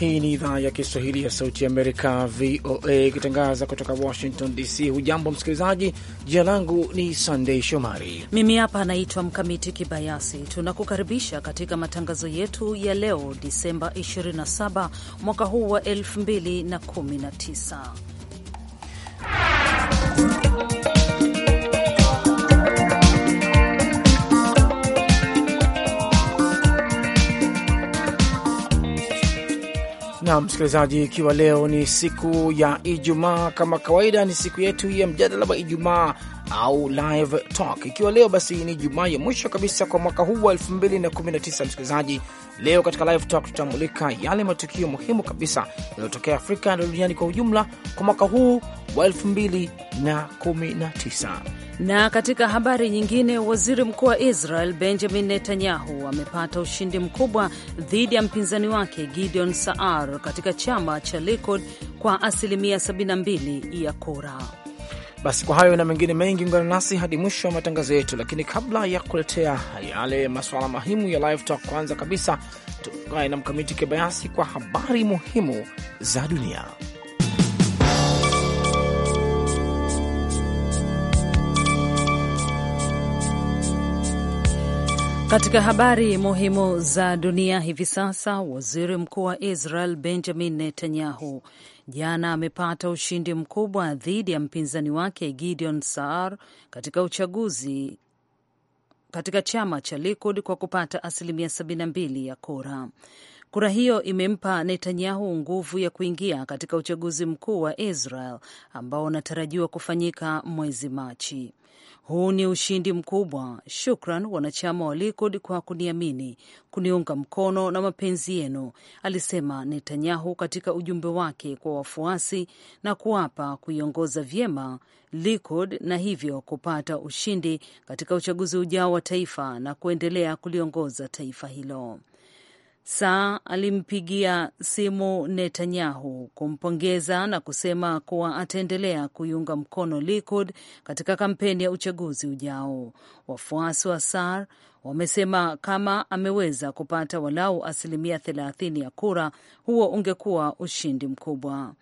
Hii ni idhaa ya Kiswahili ya Sauti Amerika, VOA, ikitangaza kutoka Washington DC. Hujambo msikilizaji, jina langu ni Sandei Shomari, mimi hapa anaitwa Mkamiti Kibayasi. Tunakukaribisha katika matangazo yetu ya leo Disemba 27 mwaka huu wa 2019. na msikilizaji, ikiwa leo ni siku ya Ijumaa, kama kawaida ni siku yetu ya mjadala wa Ijumaa au live talk. Ikiwa leo basi ni Jumaa ya mwisho kabisa kwa mwaka huu wa 2019, msikilizaji, leo katika live talk tutamulika yale matukio muhimu kabisa yaliyotokea Afrika na duniani kwa ujumla kwa mwaka huu wa 2019. Na katika habari nyingine, waziri mkuu wa Israel Benjamin Netanyahu amepata ushindi mkubwa dhidi ya mpinzani wake Gideon Saar katika chama cha Likud kwa asilimia 72 ya kura. Basi kwa hayo na mengine mengi, ungana nasi hadi mwisho wa matangazo yetu, lakini kabla ya kuletea yale masuala muhimu ya Live Talk, kwanza kabisa tukae na Mkamiti Kibayasi kwa habari muhimu za dunia. Katika habari muhimu za dunia hivi sasa, waziri mkuu wa Israel Benjamin Netanyahu jana amepata ushindi mkubwa dhidi ya mpinzani wake Gideon Saar katika uchaguzi katika chama cha Likud kwa kupata asilimia 72 ya kura. Kura hiyo imempa Netanyahu nguvu ya kuingia katika uchaguzi mkuu wa Israel ambao unatarajiwa kufanyika mwezi Machi. Huu ni ushindi mkubwa. Shukran wanachama wa Likud kwa kuniamini, kuniunga mkono na mapenzi yenu, alisema Netanyahu katika ujumbe wake kwa wafuasi na kuapa kuiongoza vyema Likud na hivyo kupata ushindi katika uchaguzi ujao wa taifa na kuendelea kuliongoza taifa hilo. Saa alimpigia simu Netanyahu kumpongeza na kusema kuwa ataendelea kuiunga mkono Likud katika kampeni ya uchaguzi ujao. Wafuasi wa Sar wamesema kama ameweza kupata walau asilimia thelathini ya kura, huo ungekuwa ushindi mkubwa.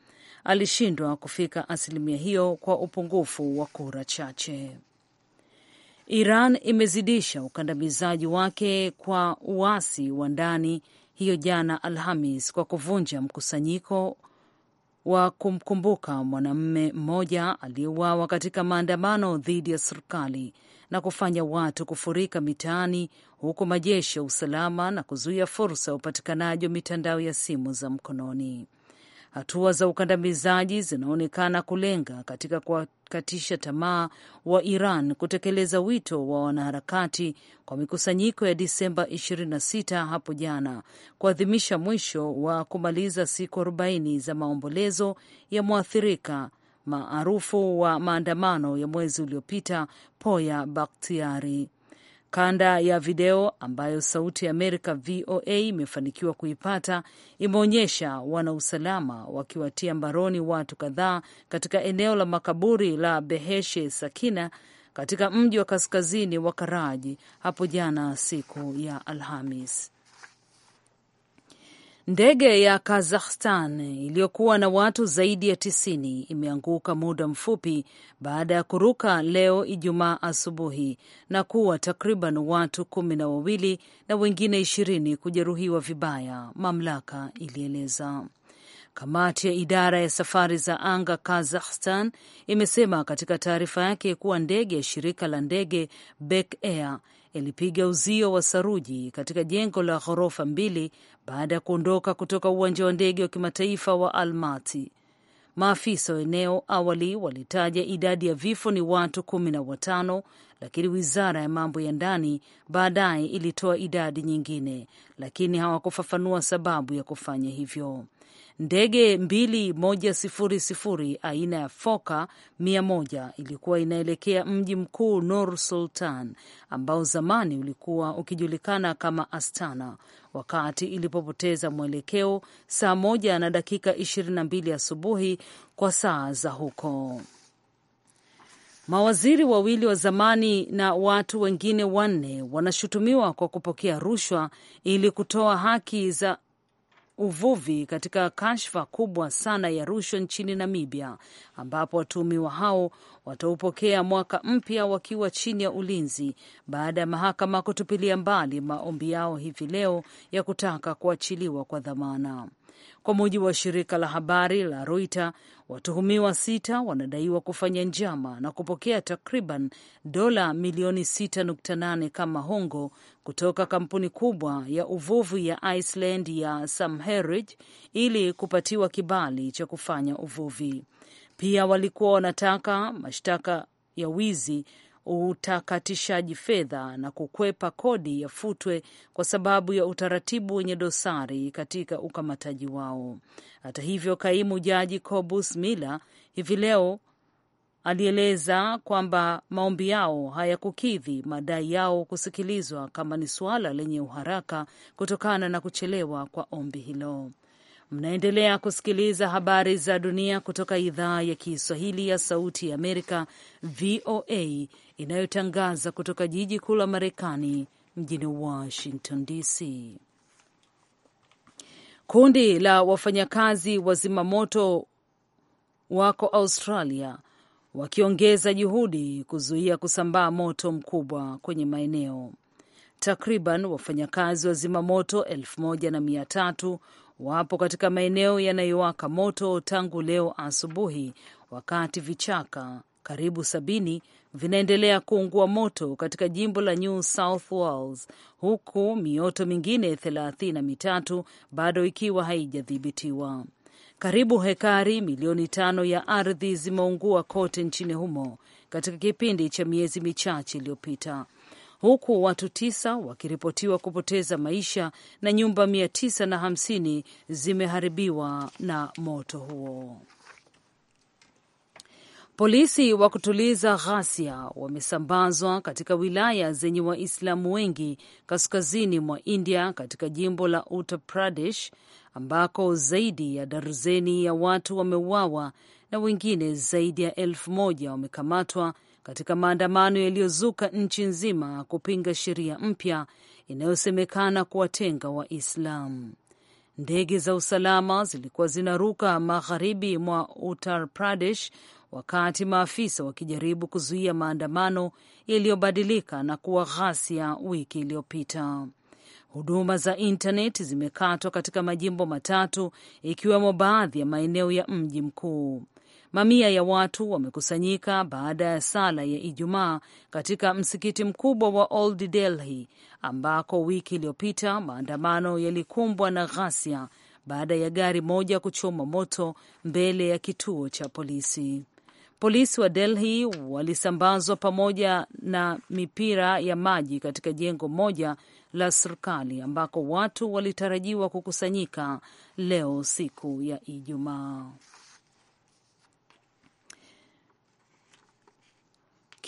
Alishindwa kufika asilimia hiyo kwa upungufu wa kura chache. Iran imezidisha ukandamizaji wake kwa uasi wa ndani hiyo jana Alhamis kwa kuvunja mkusanyiko wa kumkumbuka mwanamume mmoja aliyeuawa katika maandamano dhidi ya serikali na kufanya watu kufurika mitaani huku majeshi ya usalama na kuzuia fursa ya upatikanaji wa mitandao ya simu za mkononi. Hatua za ukandamizaji zinaonekana kulenga katika kuwakatisha tamaa wa Iran kutekeleza wito wa wanaharakati kwa mikusanyiko ya Disemba 26 hapo jana kuadhimisha mwisho wa kumaliza siku 40 za maombolezo ya mwathirika maarufu wa maandamano ya mwezi uliopita Poya Baktiari. Kanda ya video ambayo Sauti ya Amerika VOA imefanikiwa kuipata imeonyesha wanausalama wakiwatia mbaroni watu kadhaa katika eneo la makaburi la Beheshe Sakina katika mji wa kaskazini wa Karaji hapo jana siku ya Alhamis. Ndege ya Kazakhstan iliyokuwa na watu zaidi ya tisini imeanguka muda mfupi baada ya kuruka leo Ijumaa asubuhi na kuwa takriban watu kumi na wawili na wengine ishirini kujeruhiwa vibaya, mamlaka ilieleza. Kamati ya idara ya safari za anga Kazakhstan imesema katika taarifa yake kuwa ndege ya shirika la ndege Bek Air ilipiga uzio wa saruji katika jengo la ghorofa mbili baada ya kuondoka kutoka uwanja wa ndege wa kimataifa wa Almati. Maafisa wa eneo awali walitaja idadi ya vifo ni watu kumi na watano, lakini wizara ya mambo ya ndani baadaye ilitoa idadi nyingine, lakini hawakufafanua sababu ya kufanya hivyo. Ndege 2100 aina ya Foka 100 ilikuwa inaelekea mji mkuu Nur Sultan ambao zamani ulikuwa ukijulikana kama Astana wakati ilipopoteza mwelekeo saa moja na dakika 22 asubuhi kwa saa za huko. Mawaziri wawili wa zamani na watu wengine wanne wanashutumiwa kwa kupokea rushwa ili kutoa haki za uvuvi katika kashfa kubwa sana ya rushwa nchini Namibia, ambapo watuhumiwa hao wataupokea mwaka mpya wakiwa chini ya ulinzi baada ya mahakama kutupilia mbali maombi yao hivi leo ya kutaka kuachiliwa kwa dhamana. Kwa mujibu wa shirika la habari la Reuters, Watuhumiwa sita wanadaiwa kufanya njama na kupokea takriban dola milioni 6.8 kama hongo kutoka kampuni kubwa ya uvuvi ya Iceland ya Samherj ili kupatiwa kibali cha kufanya uvuvi. Pia walikuwa wanataka mashtaka ya wizi utakatishaji fedha na kukwepa kodi yafutwe kwa sababu ya utaratibu wenye dosari katika ukamataji wao. Hata hivyo, kaimu jaji Cobus Miller hivi leo alieleza kwamba maombi yao hayakukidhi madai yao kusikilizwa kama ni suala lenye uharaka kutokana na kuchelewa kwa ombi hilo. Mnaendelea kusikiliza habari za dunia kutoka idhaa ya Kiswahili ya Sauti ya Amerika, VOA, inayotangaza kutoka jiji kuu la Marekani, mjini Washington DC. Kundi la wafanyakazi wa zimamoto wako Australia wakiongeza juhudi kuzuia kusambaa moto mkubwa kwenye maeneo. Takriban wafanyakazi wa zimamoto elfu moja na mia tatu wapo katika maeneo yanayowaka moto tangu leo asubuhi, wakati vichaka karibu sabini vinaendelea kuungua moto katika jimbo la New South Wales, huku mioto mingine thelathini na mitatu bado ikiwa haijadhibitiwa. Karibu hekari milioni tano ya ardhi zimeungua kote nchini humo katika kipindi cha miezi michache iliyopita huku watu tisa wakiripotiwa kupoteza maisha na nyumba mia tisa na hamsini zimeharibiwa na moto huo. Polisi wa kutuliza ghasia wamesambazwa katika wilaya zenye Waislamu wengi kaskazini mwa India katika jimbo la Uttar Pradesh ambako zaidi ya darzeni ya watu wameuawa na wengine zaidi ya elfu moja wamekamatwa katika maandamano yaliyozuka nchi nzima kupinga sheria mpya inayosemekana kuwatenga waislam Ndege za usalama zilikuwa zinaruka magharibi mwa Uttar Pradesh wakati maafisa wakijaribu kuzuia maandamano yaliyobadilika na kuwa ghasia wiki iliyopita. Huduma za intnet zimekatwa katika majimbo matatu ikiwemo baadhi ya maeneo ya mji mkuu. Mamia ya watu wamekusanyika baada ya sala ya Ijumaa katika msikiti mkubwa wa Old Delhi ambako wiki iliyopita maandamano yalikumbwa na ghasia baada ya gari moja kuchoma moto mbele ya kituo cha polisi. Polisi wa Delhi walisambazwa pamoja na mipira ya maji katika jengo moja la serikali ambako watu walitarajiwa kukusanyika leo siku ya Ijumaa.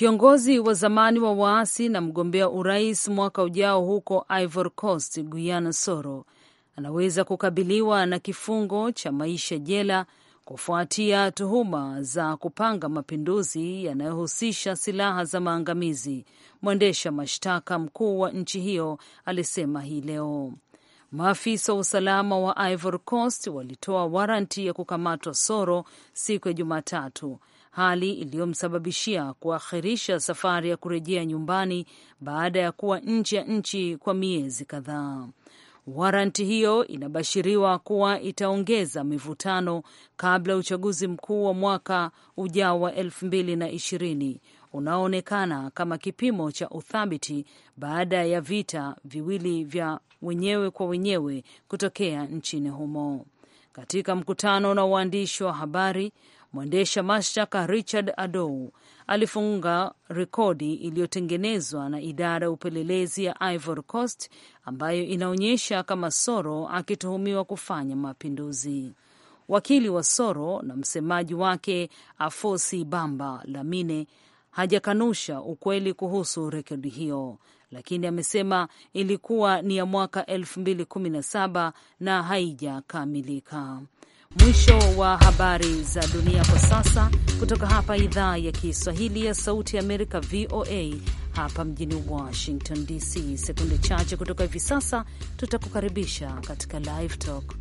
Kiongozi wa zamani wa waasi na mgombea urais mwaka ujao huko Ivory Coast, Guyana Soro anaweza kukabiliwa na kifungo cha maisha jela kufuatia tuhuma za kupanga mapinduzi yanayohusisha silaha za maangamizi, mwendesha mashtaka mkuu wa nchi hiyo alisema hii leo. Maafisa wa usalama wa Ivory Coast walitoa waranti ya kukamatwa Soro siku ya Jumatatu hali iliyomsababishia kuakhirisha safari ya kurejea nyumbani baada ya kuwa nje ya nchi kwa miezi kadhaa. Waranti hiyo inabashiriwa kuwa itaongeza mivutano kabla ya uchaguzi mkuu wa mwaka ujao wa elfu mbili na ishirini unaoonekana kama kipimo cha uthabiti baada ya vita viwili vya wenyewe kwa wenyewe kutokea nchini humo. Katika mkutano na waandishi wa habari, Mwendesha mashtaka Richard adou alifunga rekodi iliyotengenezwa na idara ya upelelezi ya Ivory Coast ambayo inaonyesha kama Soro akituhumiwa kufanya mapinduzi. Wakili wa Soro na msemaji wake Afosi Bamba Lamine hajakanusha ukweli kuhusu rekodi hiyo, lakini amesema ilikuwa ni ya mwaka 2017 na haijakamilika. Mwisho wa habari za dunia kwa sasa, kutoka hapa idhaa ya Kiswahili ya Sauti ya Amerika, VOA hapa mjini Washington DC. Sekunde chache kutoka hivi sasa, tutakukaribisha katika Live Talk.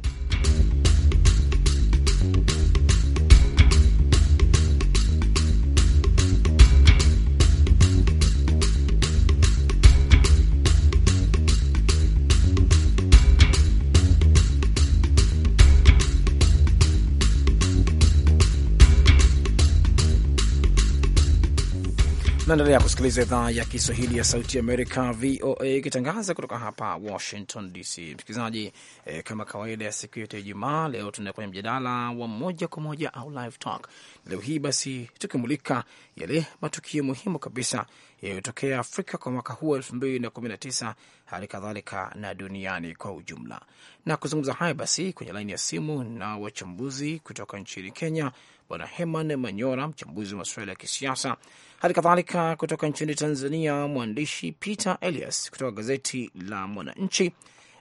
Naendelea kusikiliza idhaa ya Kiswahili ya Sauti Amerika, VOA, ikitangaza kutoka hapa Washington DC. Msikilizaji eh, kama kawaida ya siku yote ya Ijumaa, leo tunaenda kwenye mjadala wa moja kwa moja au live talk. Leo hii basi tukimulika yale matukio muhimu kabisa yaliyotokea Afrika kwa mwaka huu elfu mbili na kumi na tisa, hali kadhalika na duniani kwa ujumla. Na kuzungumza haya basi, kwenye laini ya simu na wachambuzi kutoka nchini Kenya bwana Heman Manyora, mchambuzi wa masuala ya kisiasa. Hali kadhalika kutoka nchini Tanzania, mwandishi Peter Elias kutoka gazeti la Mwananchi,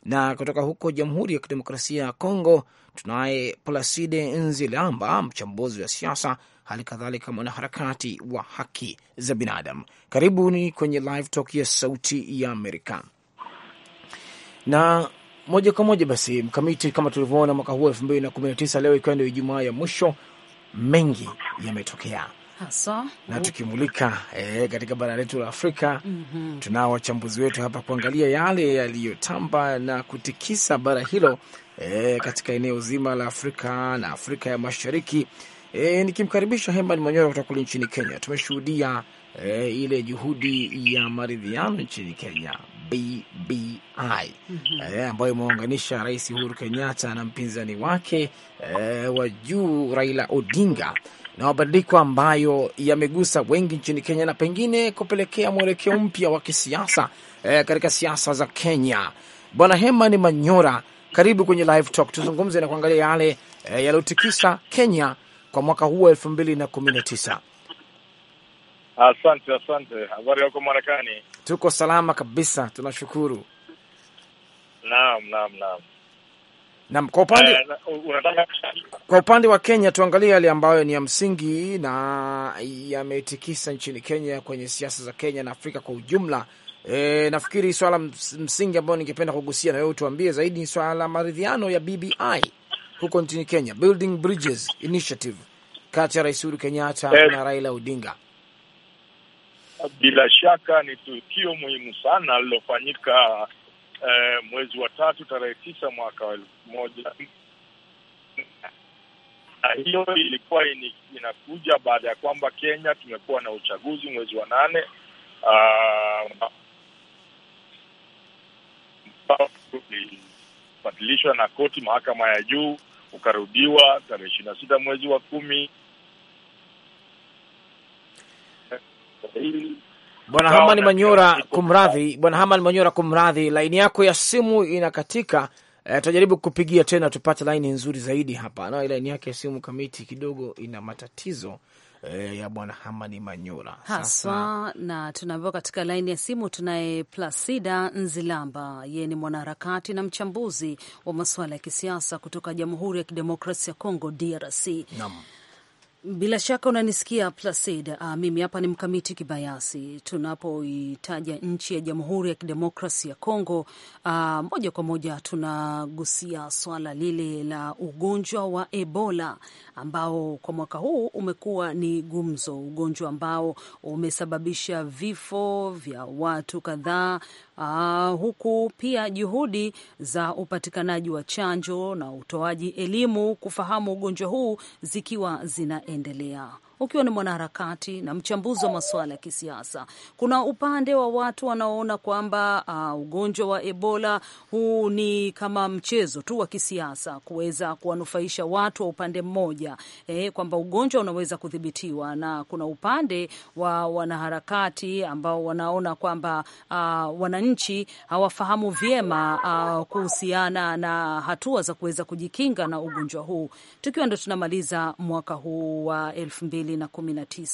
na kutoka huko Jamhuri ya Kidemokrasia ya Kongo tunaye Plaside Nzilamba, mchambuzi wa siasa, hali kadhalika mwanaharakati wa haki za binadamu. Karibuni kwenye Live Talk ya Sauti ya Amerika na moja kwa moja basi, Mkamiti, kama tulivyoona mwaka huu elfu mbili na kumi na tisa, leo ikiwa ndio Ijumaa ya mwisho mengi yametokea haswa na tukimulika e, katika bara letu la Afrika mm -hmm. Tunao wachambuzi wetu hapa kuangalia yale yaliyotamba na kutikisa bara hilo e, katika eneo zima la Afrika na Afrika ya Mashariki. E, nikimkaribisha Herman Manyora kutoka kule nchini Kenya, tumeshuhudia eh, ile juhudi ya maridhiano nchini Kenya BBI mhm. eh, ambayo imeunganisha Rais Uhuru Kenyatta na mpinzani wake eh, wa juu Raila Odinga na mabadiliko ambayo yamegusa wengi nchini Kenya na pengine kupelekea mwelekeo mpya wa kisiasa eh, katika siasa za Kenya. Bwana Hema ni Manyora, karibu kwenye Live Talk, tuzungumze na kuangalia yale eh, yaliyotikisa Kenya kwa mwaka huu wa elfu mbili na kumi na tisa. Asante, asante. Habari yako Marekani? Tuko salama kabisa, tunashukuru. Naam, naam, naam. Naam, kwa upande eh, kwa upande wa Kenya tuangalie yale ambayo ni ya msingi na yametikisa nchini Kenya kwenye siasa za Kenya na Afrika kwa ujumla. E, nafikiri swala msingi ambayo ningependa kugusia na wewe utuambie zaidi ni swala la maridhiano ya BBI huko nchini Kenya, Building Bridges Initiative, kati ya Rais Uhuru Kenyatta eh. na Raila Odinga. Bila shaka ni tukio muhimu sana lilofanyika eh, mwezi wa tatu tarehe tisa mwaka wa elfu moja na hiyo ilikuwa ini, inakuja baada ya kwamba Kenya tumekuwa na uchaguzi mwezi wa nane ulibadilishwa ah, uh, na koti mahakama ya juu ukarudiwa tarehe ishirini na sita mwezi wa kumi Bwana Haman Manyora, kumradhi. Bwana Haman Manyora, kumradhi, laini yako ya simu inakatika. E, tutajaribu kupigia tena tupate laini nzuri zaidi hapa na laini yake ya simu kamiti kidogo ina matatizo e, ya Bwana Hamani Manyora haswa, na tunaambiwa katika laini ya simu tunaye Placida Nzilamba, yeye ni mwanaharakati na mchambuzi wa masuala ya kisiasa kutoka Jamhuri ya Kidemokrasia ya Kongo DRC. Naam. Bila shaka unanisikia Placid. Uh, mimi hapa ni mkamiti kibayasi. Tunapoitaja nchi ya Jamhuri ya Kidemokrasi ya Kongo, uh, moja kwa moja tunagusia swala lile la ugonjwa wa Ebola ambao kwa mwaka huu umekuwa ni gumzo, ugonjwa ambao umesababisha vifo vya watu kadhaa uh, huku pia juhudi za upatikanaji wa chanjo na utoaji elimu kufahamu ugonjwa huu zikiwa zinaendelea ukiwa ni mwanaharakati na mchambuzi wa masuala ya kisiasa. Kuna upande wa watu wanaoona kwamba uh, ugonjwa wa Ebola huu ni kama mchezo tu wa kisiasa kuweza kuwanufaisha watu wa upande mmoja, eh, kwamba ugonjwa unaweza kudhibitiwa, na kuna upande wa wanaharakati ambao wanaona kwamba uh, wananchi hawafahamu vyema uh, kuhusiana na hatua za kuweza kujikinga na ugonjwa huu, tukiwa ndo tunamaliza mwaka huu wa elfu mbili mbili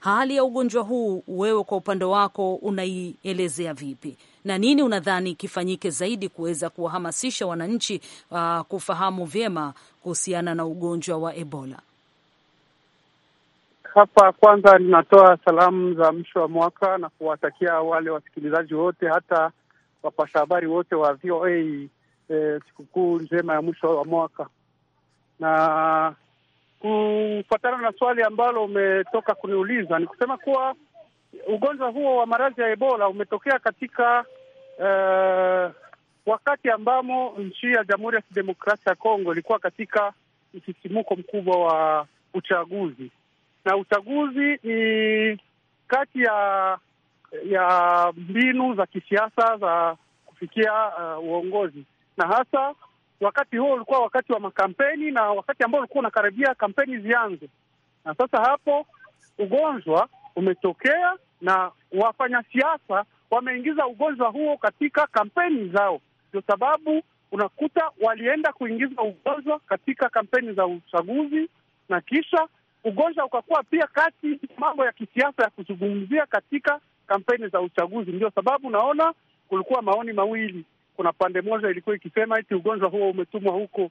Hali ya ugonjwa huu wewe kwa upande wako unaielezea vipi na nini unadhani kifanyike zaidi kuweza kuwahamasisha wananchi uh, kufahamu vyema kuhusiana na ugonjwa wa Ebola? Hapa kwanza ninatoa salamu za mwisho wa mwaka na kuwatakia wale wasikilizaji wote hata wapasha habari wote wa VOA eh, sikukuu njema ya mwisho wa mwaka, na kufuatana na swali ambalo umetoka kuniuliza ni kusema kuwa ugonjwa huo wa maradhi ya Ebola umetokea katika uh, wakati ambamo nchi ya Jamhuri ya Kidemokrasia ya Kongo ilikuwa katika msisimuko mkubwa wa uchaguzi, na uchaguzi ni kati ya ya mbinu za kisiasa za kufikia uh, uongozi na hasa wakati huo ulikuwa wakati wa makampeni na wakati ambao ulikuwa unakaribia kampeni zianze, na sasa hapo ugonjwa umetokea na wafanyasiasa wameingiza ugonjwa huo katika kampeni zao. Ndio sababu unakuta walienda kuingiza ugonjwa katika kampeni za uchaguzi, na kisha ugonjwa ukakuwa pia kati mambo ya kisiasa ya kuzungumzia katika kampeni za uchaguzi. Ndio sababu naona kulikuwa maoni mawili, kuna pande moja ilikuwa ikisema eti ugonjwa huo umetumwa huko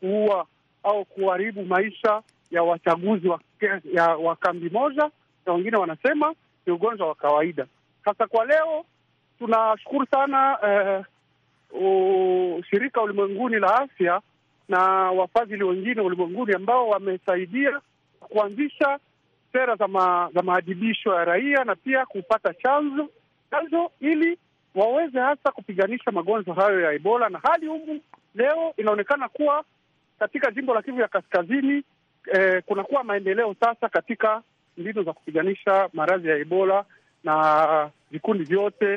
kuua au kuharibu maisha ya wachaguzi wa, ya, wa kambi moja, na wengine wanasema ni ugonjwa wa kawaida. Sasa kwa leo tunashukuru sana eh, o, shirika ulimwenguni la afya na wafadhili wengine ulimwenguni ambao wamesaidia kuanzisha sera za, ma, za maadibisho ya raia na pia kupata chanzo chanzo ili waweze hasa kupiganisha magonjwa hayo ya Ebola na hali humu leo inaonekana kuwa katika jimbo la Kivu ya Kaskazini eh, kunakuwa maendeleo sasa katika mbinu za kupiganisha maradhi ya Ebola na vikundi vyote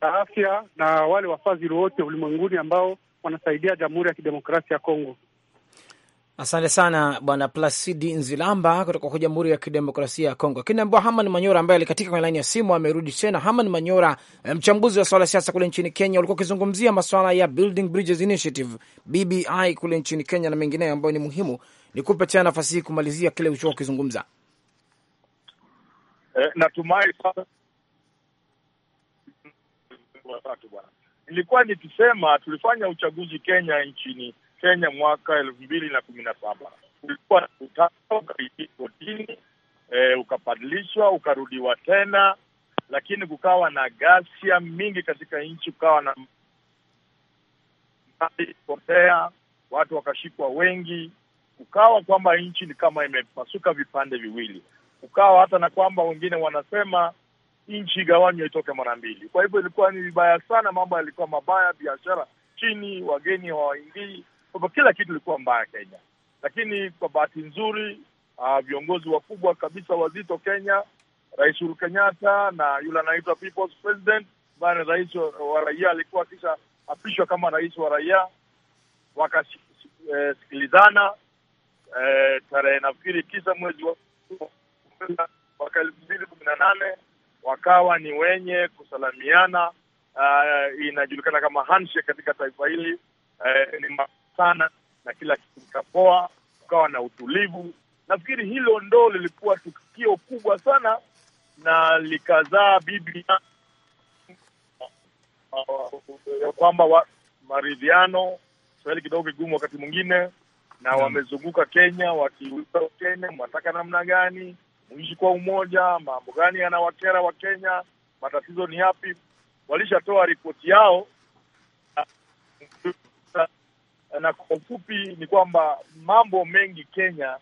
vya afya na wale wafadhili wote ulimwenguni ambao wanasaidia Jamhuri ya Kidemokrasia ya Kongo. Asante sana Bwana Plasidi Nzilamba kutoka kwa Jamhuri ya Kidemokrasia ya Kongo. Lakini naambiwa Haman Manyora ambaye alikatika kwenye laini ya simu amerudi tena. Haman Manyora, mchambuzi wa swala ya siasa kule nchini Kenya, ulikuwa ukizungumzia maswala ya Building Bridges Initiative, BBI kule nchini Kenya na mengineyo ambayo ni muhimu. Nikupe tena nafasi hii kumalizia kile ulichokuwa ukizungumza. Eh, natumai sasa nikisema tulifanya uchaguzi Kenya nchini Kenya mwaka elfu mbili na kumi na saba kulikuwa na utata ukaingia kotini e, eh, ukabadilishwa ukarudiwa tena, lakini kukawa na ghasia mingi katika nchi, kukawa na potea, watu wakashikwa wengi, ukawa kwamba nchi ni kama imepasuka vipande viwili, ukawa hata na kwamba wengine wanasema nchi igawanywe itoke mara mbili. Kwa hivyo ilikuwa ni vibaya sana, mambo yalikuwa mabaya, biashara chini, wageni hawaingii, kwa hivyo kila kitu ilikuwa mbaya Kenya, lakini kwa bahati nzuri uh, viongozi wakubwa kabisa wazito Kenya, Rais Uhuru Kenyatta na yule anaitwa People's President ambaye ni rais wa raia, alikuwa kisha apishwa kama rais wa raia, wakasikilizana eh, e, eh, tarehe nafikiri tisa mwezi wa mwaka elfu mbili kumi na nane wakawa ni wenye kusalimiana. Uh, ah, inajulikana kama handshake katika taifa hili eh, ni sana na kila kitu kikapoa, kukawa na utulivu. Nafikiri hilo ndo lilikuwa tukio kubwa sana na likazaa Biblia ya uh, kwamba maridhiano, Swahili kidogo kigumu wakati mwingine, na wamezunguka Kenya wakiuliza Wakenya mwataka namna gani mwishi kwa umoja, mambo gani yanawakera Wakenya, matatizo ni yapi? Walishatoa ripoti yao na kwa ufupi ni kwamba mambo mengi Kenya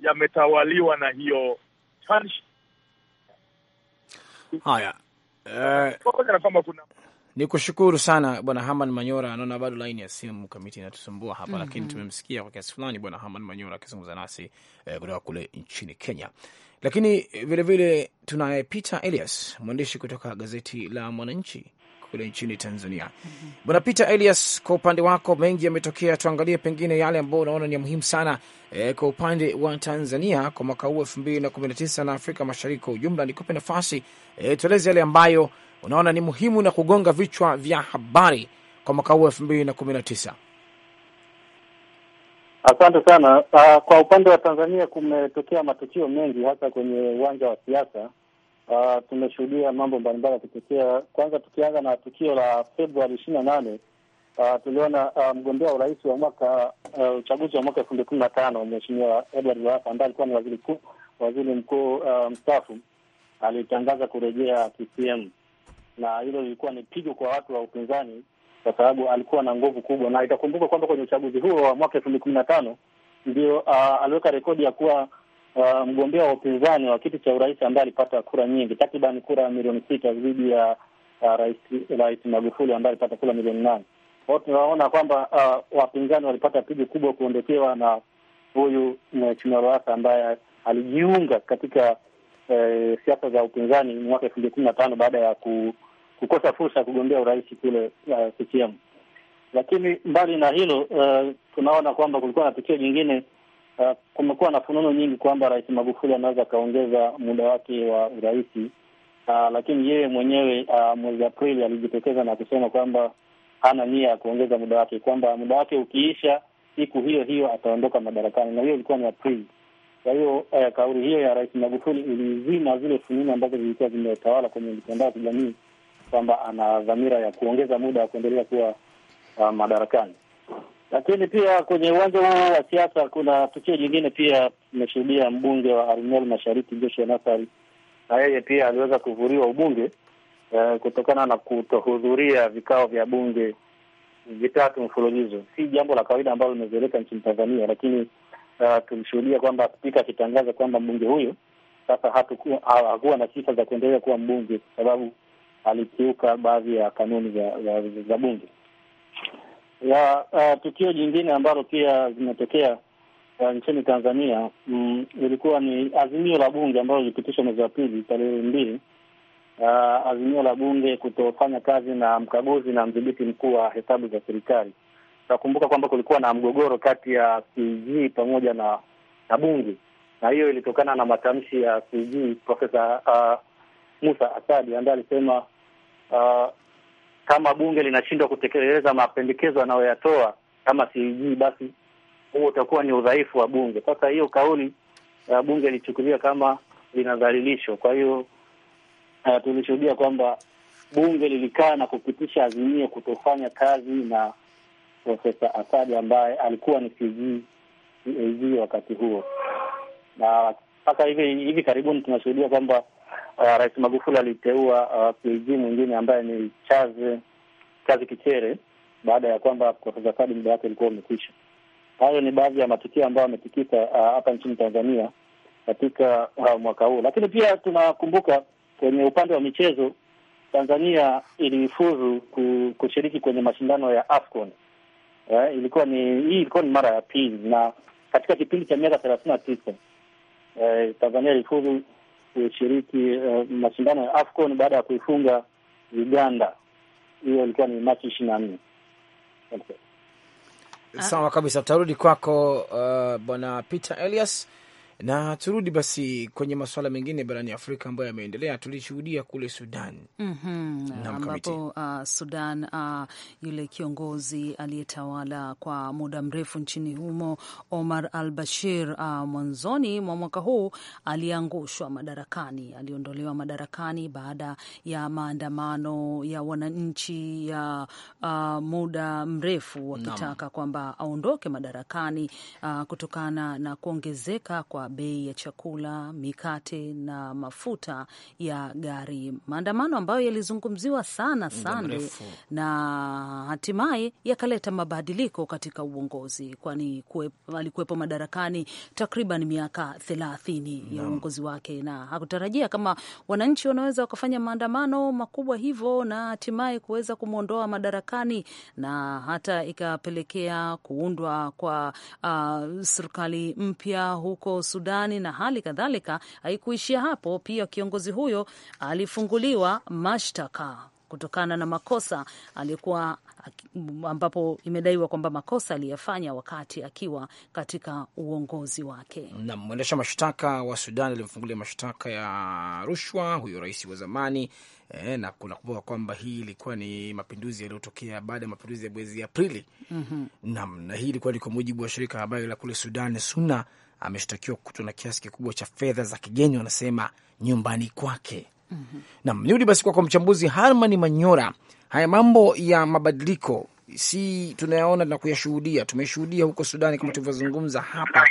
yametawaliwa na hiyo tanshi. Haya, uh, kuna eh, ni kushukuru sana Bwana Haman Manyora. Naona bado laini ya simu kamiti inatusumbua hapa mm -hmm. Lakini tumemsikia kwa kiasi fulani Bwana Haman Manyora akizungumza nasi eh, kutoka kule nchini Kenya. Lakini vilevile eh, tunaye Peter Elias, mwandishi kutoka gazeti la Mwananchi kule nchini Tanzania. Bwana Peter Elias, kwa upande wako mengi yametokea, tuangalie pengine yale ambayo unaona ni muhimu sana eh, kwa upande wa Tanzania kwa mwaka huu elfu mbili na kumi na tisa na Afrika Mashariki kwa ujumla. Nikupe nafasi eh, tueleze yale ambayo unaona ni muhimu na kugonga vichwa vya habari kwa mwaka huu elfu mbili na kumi na tisa. Asante sana. Ah, kwa upande wa Tanzania kumetokea matukio mengi, hasa kwenye uwanja wa siasa uh, tumeshuhudia mambo mbalimbali yakitokea Kwanza tukianza na tukio la Februari ishirini na nane uh, tuliona uh, mgombea wa urais wa mwaka uchaguzi wa mwaka elfu mbili kumi na tano mheshimiwa Edward Lowassa ambaye alikuwa ni waziri mkuu waziri mkuu uh, mstaafu alitangaza kurejea CCM na hilo lilikuwa ni pigo kwa watu wa upinzani kwa sababu alikuwa na nguvu kubwa, na itakumbuka kwamba kwenye uchaguzi huo wa mwaka elfu mbili kumi na tano ndio uh, aliweka rekodi ya kuwa uh, mgombea wa upinzani wa kiti cha urais ambaye alipata kura nyingi takriban kura milioni sita dhidi ya uh, rais, rais Magufuli ambaye alipata kura milioni nane kwao tunaona kwamba uh, wapinzani walipata pigo kubwa kuondokewa na huyu uh, Mheshimiwa Lowassa ambaye alijiunga katika eh, siasa za upinzani mwaka elfu mbili kumi na tano baada ya ku, kukosa fursa ya kugombea urais kule CCM. Uh, lakini mbali na hilo uh, tunaona kwamba kulikuwa na tukio jingine Uh, kumekuwa na fununu nyingi kwamba Rais Magufuli anaweza akaongeza muda wake wa urais, uh, lakini yeye mwenyewe uh, mwezi Aprili alijitokeza na kusema kwamba hana nia ya kuongeza muda wake, kwamba muda wake ukiisha siku hiyo hiyo ataondoka madarakani, na hiyo ilikuwa ni Aprili. Kwa hiyo eh, kauli hiyo ya Rais Magufuli ilizima zile fununu ambazo zilikuwa zimetawala kwenye mitandao ya kijamii kwamba ana dhamira ya kuongeza muda wa kuendelea kuwa uh, madarakani. Lakini pia kwenye uwanja huu wa siasa kuna tukio jingine pia tumeshuhudia mbunge wa Arumeru Mashariki Joshua Nassari, na yeye pia aliweza kuvuriwa ubunge eh, kutokana na kutohudhuria vikao vya bunge vitatu mfululizo. Si jambo la kawaida ambalo limezoeleka nchini Tanzania, lakini uh, tulishuhudia kwamba spika akitangaza kwamba mbunge huyo sasa hakuwa na sifa za kuendelea kuwa mbunge kwa sababu alikiuka baadhi ya kanuni za bunge na uh, tukio jingine ambalo pia zimetokea uh, nchini Tanzania mm, ilikuwa ni azimio la bunge ambalo lilipitishwa mwezi wa pili tarehe mbili uh, azimio la bunge kutofanya kazi na mkaguzi na mdhibiti mkuu wa hesabu za serikali. Nakumbuka kwamba kulikuwa na mgogoro kati ya CJ pamoja na na bunge, na hiyo ilitokana na matamshi ya CJ Profesa uh, Musa Asadi ambaye alisema uh, kama bunge linashindwa kutekeleza mapendekezo anayoyatoa kama CAG, basi huo utakuwa ni udhaifu wa bunge. Sasa hiyo kauli ya bunge ilichukulia kama linadhalilishwa. Kwa hiyo uh, tulishuhudia kwamba bunge lilikaa na kupitisha azimio kutofanya kazi na Profesa Asadi ambaye alikuwa ni CAG wakati huo, na mpaka hivi hivi karibuni tunashuhudia kwamba uh, Rais Magufuli aliteua uh, PG mwingine ambaye ni Chazi, Chazi Kichere baada ya kwamba Profesa Kadi muda wake ulikuwa umekwisha. Hayo ni baadhi ya matukio ambayo yametikika uh, hapa uh, nchini Tanzania katika uh, mwaka huu, lakini pia tunakumbuka kwenye upande wa michezo Tanzania ilifuzu kushiriki kwenye mashindano ya AFCON. Eh, ilikuwa ni hii ilikuwa ni mara ya pili, na katika kipindi cha miaka thelathini na tisa eh, Tanzania ilifuzu kushiriki uh, mashindano ya AFCON baada ya kuifunga Uganda. Hiyo ilikuwa ni Machi ishirini na nne. Sawa kabisa, tutarudi kwako uh, bwana Peter Elias. Na turudi basi kwenye masuala mengine barani Afrika ambayo yameendelea. Tulishuhudia kule Sudan mhm. ambapo mm -hmm. uh, Sudan uh, yule kiongozi aliyetawala kwa muda mrefu nchini humo Omar al Bashir uh, mwanzoni mwa mwaka huu aliangushwa madarakani, aliondolewa madarakani baada ya maandamano ya wananchi ya uh, muda mrefu wakitaka kwamba aondoke madarakani uh, kutokana na kuongezeka kwa bei ya chakula, mikate na mafuta ya gari, maandamano ambayo yalizungumziwa sana sana na hatimaye yakaleta mabadiliko katika uongozi, kwani alikuwepo madarakani takriban miaka thelathini ya uongozi wake, na hakutarajia kama wananchi wanaweza wakafanya maandamano makubwa hivyo na hatimaye kuweza kumwondoa madarakani, na hata ikapelekea kuundwa kwa uh, serikali mpya huko Sudan Sudani na hali kadhalika. Haikuishia hapo, pia kiongozi huyo alifunguliwa mashtaka kutokana na makosa aliyokuwa ambapo imedaiwa kwamba makosa aliyafanya wakati akiwa katika uongozi wake. Na mwendesha mashtaka wa Sudan alimfungulia mashtaka ya rushwa huyo rais wa zamani e, na kunakumbuka kwamba hii ilikuwa ni mapinduzi yaliyotokea baada ya mapinduzi ya mwezi Aprili. mm -hmm. Naam, na hii ilikuwa ni kwa mujibu wa shirika la habari la kule Sudan SUNA ameshtakiwa kukutwa na kiasi kikubwa cha fedha za kigeni, wanasema nyumbani kwake. mm -hmm. Na mrudi kwa kwako mchambuzi Harman Manyora, haya mambo ya mabadiliko si tunayaona na kuyashuhudia, tumeshuhudia huko Sudani kama tulivyozungumza hapa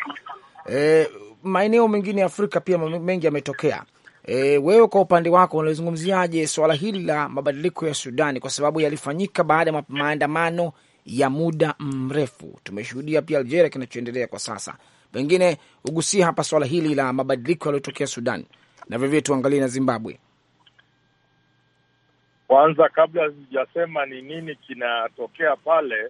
e, maeneo mengine ya Afrika pia mengi yametokea. E, wewe kwa upande wako unalizungumziaje swala hili la mabadiliko ya Sudani kwa sababu yalifanyika baada ya maandamano ya muda mrefu? Tumeshuhudia pia Algeria kinachoendelea kwa sasa pengine ugusie hapa swala hili la mabadiliko yaliyotokea Sudan na vilevile tuangalie na Zimbabwe. Kwanza kabla sijasema ni nini kinatokea pale,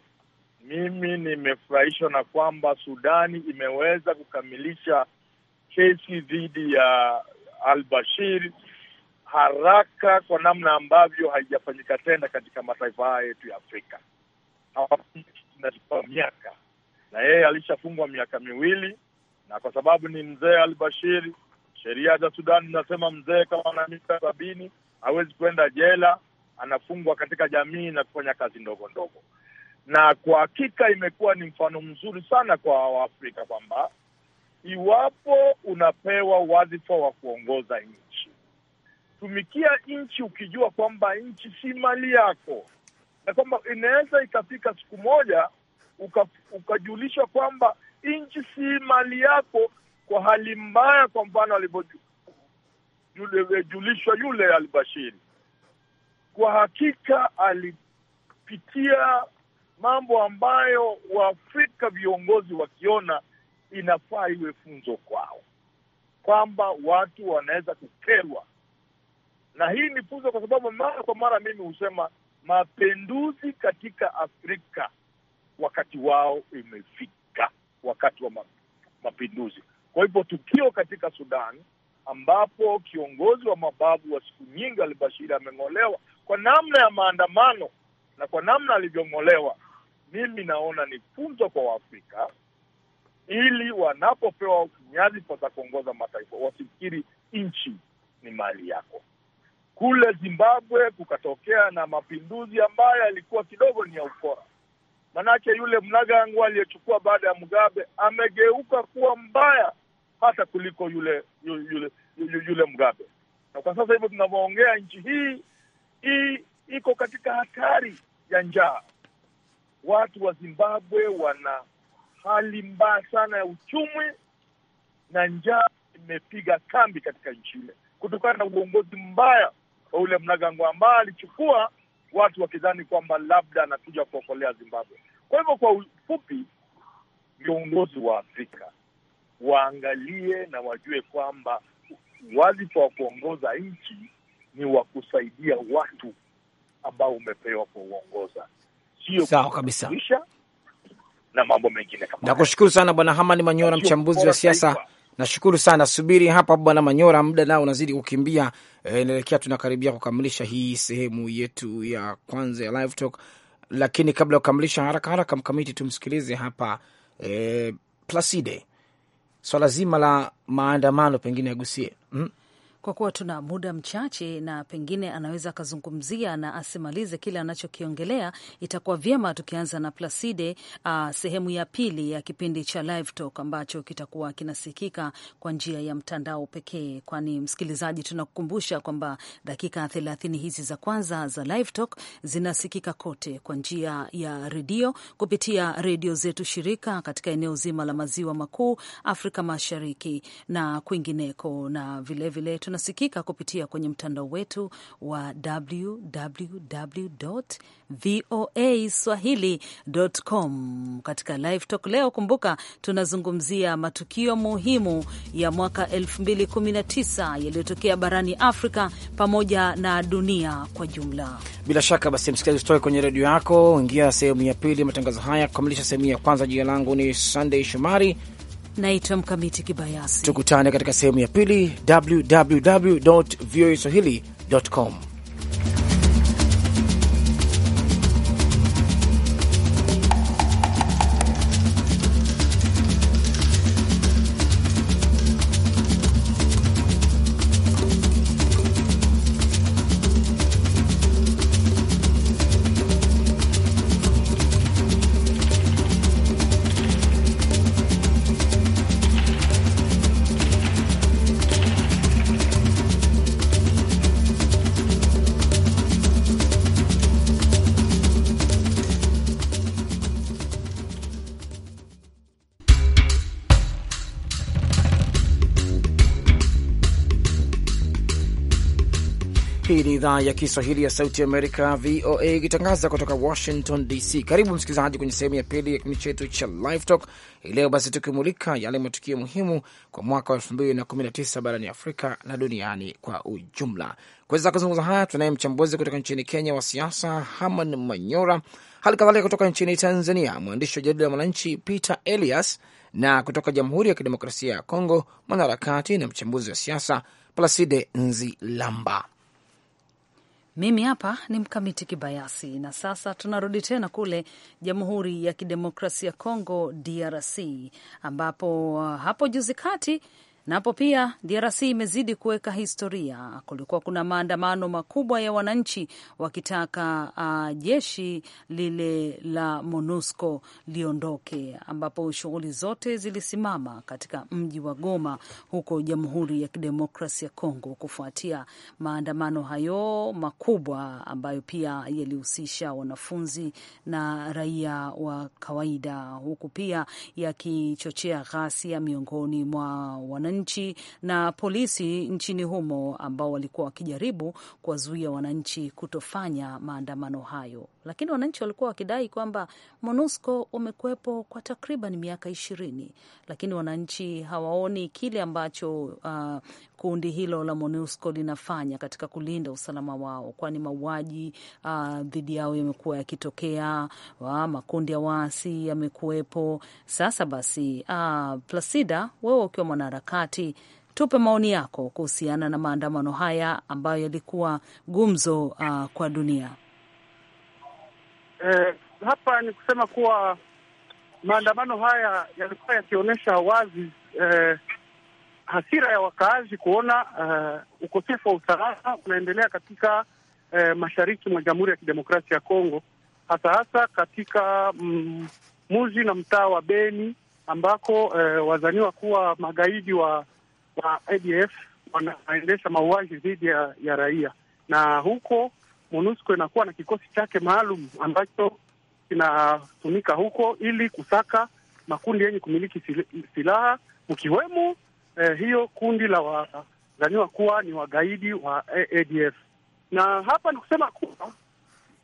mimi nimefurahishwa na kwamba Sudani imeweza kukamilisha kesi dhidi ya al-Bashir haraka kwa namna ambavyo haijafanyika tena katika mataifa haya yetu ya Afrika. Hawainachukua miaka na yeye alishafungwa miaka miwili, na kwa sababu ni mzee Albashiri, sheria za Sudan zinasema mzee kama ana miaka sabini hawezi kwenda jela, anafungwa katika jamii na kufanya kazi ndogo ndogo. Na kwa hakika imekuwa ni mfano mzuri sana kwa Waafrika kwamba iwapo unapewa wadhifa wa kuongoza nchi, tumikia nchi ukijua kwamba nchi si mali yako, na kwamba inaweza ikafika siku moja uka, ukajulishwa kwamba nchi si mali yako, kwa hali mbaya, kwa mfano alivyojulishwa yule Albashiri. Kwa hakika alipitia mambo ambayo Waafrika viongozi wakiona inafaa iwe funzo kwao, kwamba watu wanaweza kukerwa na hii ni funzo, kwa sababu mara kwa mara mimi husema mapenduzi katika Afrika wakati wao imefika, wakati wa mapinduzi. Kwa hivyo tukio katika Sudan ambapo kiongozi wa mababu wa siku nyingi Albashiri ameng'olewa kwa namna ya maandamano na kwa namna alivyong'olewa, mimi naona ni funzo kwa Waafrika ili wanapopewa nyadhifa za kuongoza mataifa wasifikiri nchi ni mali yako. Kule Zimbabwe kukatokea na mapinduzi ambayo yalikuwa kidogo ni ya ukora, Manake yule Mnangagwa aliyechukua baada ya Mugabe amegeuka kuwa mbaya hata kuliko yule yule yule, yule Mugabe. Na kwa sasa hivyo tunavyoongea, nchi hii hii iko katika hatari ya njaa. Watu wa Zimbabwe wana hali mbaya sana ya uchumi na njaa imepiga kambi katika nchi ile kutokana na uongozi mbaya wa yule Mnangagwa ambaye alichukua watu wakidhani kwamba labda anakuja kuokolea Zimbabwe. Kwa hivyo, kwa ufupi, viongozi wa Afrika waangalie na wajue kwamba wadhifa wa kuongoza nchi ni wa kusaidia watu ambao umepewa kuongoza, sio sawa kabisa na mambo mengine. Nakushukuru sana Bwana Hamani Manyora, mchambuzi wa siasa Nashukuru sana, subiri hapa Bwana Manyora, muda nao unazidi kukimbia. E, naelekea tunakaribia kukamilisha hii sehemu yetu ya kwanza ya live talk, lakini kabla ya kukamilisha haraka haraka, mkamiti tumsikilize hapa e, Placide swala so zima la maandamano pengine agusie mm? kwa kuwa tuna muda mchache na pengine anaweza akazungumzia na asimalize kile anachokiongelea, itakuwa vyema tukianza na Placide, uh, sehemu ya pili ya kipindi cha Live Talk ambacho kitakuwa kinasikika kwa njia ya mtandao pekee. Kwani msikilizaji, tunakukumbusha kwamba dakika thelathini hizi za kwanza za Live Talk zinasikika kote kwa njia ya redio kupitia redio zetu shirika katika eneo zima la maziwa makuu, Afrika Mashariki na kwingineko, na vilevile tunasikika kupitia kwenye mtandao wetu wa www voa swahili.com. Katika live talk leo, kumbuka tunazungumzia matukio muhimu ya mwaka 2019 yaliyotokea barani Afrika pamoja na dunia kwa jumla. Bila shaka basi, msikilizaji, utoke kwenye redio yako, ingia sehemu ya pili matangazo haya kukamilisha sehemu ya kwanza. Jina langu ni Sunday Shomari. Naitwa Mkamiti Kibayasi. Tukutane katika sehemu ya pili, www voa com. Hii ni idhaa ya Kiswahili ya Sauti ya Amerika, VOA, ikitangaza kutoka Washington DC. Karibu msikilizaji kwenye sehemu ya pili ya kipindi chetu cha Live Talk hii leo, basi tukimulika yale matukio muhimu kwa mwaka wa 219 barani Afrika na duniani kwa ujumla. Kuweza kuzungumza haya, tunaye mchambuzi kutoka nchini Kenya wa siasa Haman Manyora, hali kadhalika kutoka nchini Tanzania mwandishi wa jarida la Mwananchi Peter Elias, na kutoka Jamhuri ya Kidemokrasia ya Kongo mwanaharakati na mchambuzi wa siasa Placide Nzilamba. Mimi hapa ni Mkamiti Kibayasi, na sasa tunarudi tena kule Jamhuri ya Kidemokrasia ya Kongo, DRC, ambapo uh, hapo juzi kati na hapo pia DRC imezidi kuweka historia. Kulikuwa kuna maandamano makubwa ya wananchi wakitaka uh, jeshi lile la MONUSCO liondoke, ambapo shughuli zote zilisimama katika mji wa Goma huko Jamhuri ya Kidemokrasia ya Kongo kufuatia maandamano hayo makubwa ambayo pia yalihusisha wanafunzi na raia wa kawaida, huku pia yakichochea ghasia miongoni mwa wananchi wananchi na polisi nchini humo ambao walikuwa wakijaribu kuwazuia wananchi kutofanya maandamano hayo lakini wananchi walikuwa wakidai kwamba MONUSCO umekuwepo kwa takriban miaka ishirini, lakini wananchi hawaoni kile ambacho uh, kundi hilo la MONUSCO linafanya katika kulinda usalama wao, kwani mauaji uh, dhidi uh, yao yamekuwa yakitokea, makundi ya waasi yamekuwepo. Sasa basi, uh, Placida, wewe ukiwa mwanaharakati tupe maoni yako kuhusiana na maandamano haya ambayo yalikuwa gumzo uh, kwa dunia eh, hapa ni kusema kuwa maandamano haya yalikuwa yakionyesha wazi eh, hasira ya wakaazi kuona eh, ukosefu wa usalama unaendelea katika eh, mashariki mwa Jamhuri ya Kidemokrasia ya Kongo, hasa hasa katika mm, muji na mtaa wa Beni ambako eh, wazaniwa kuwa magaidi wa, wa ADF wanaendesha mauaji dhidi ya, ya raia na huko MONUSCO inakuwa na kikosi chake maalum ambacho kinatumika huko ili kusaka makundi yenye kumiliki silaha mkiwemo eh, hiyo kundi la wadhaniwa kuwa ni wagaidi wa ADF. Na hapa ni kusema kuwa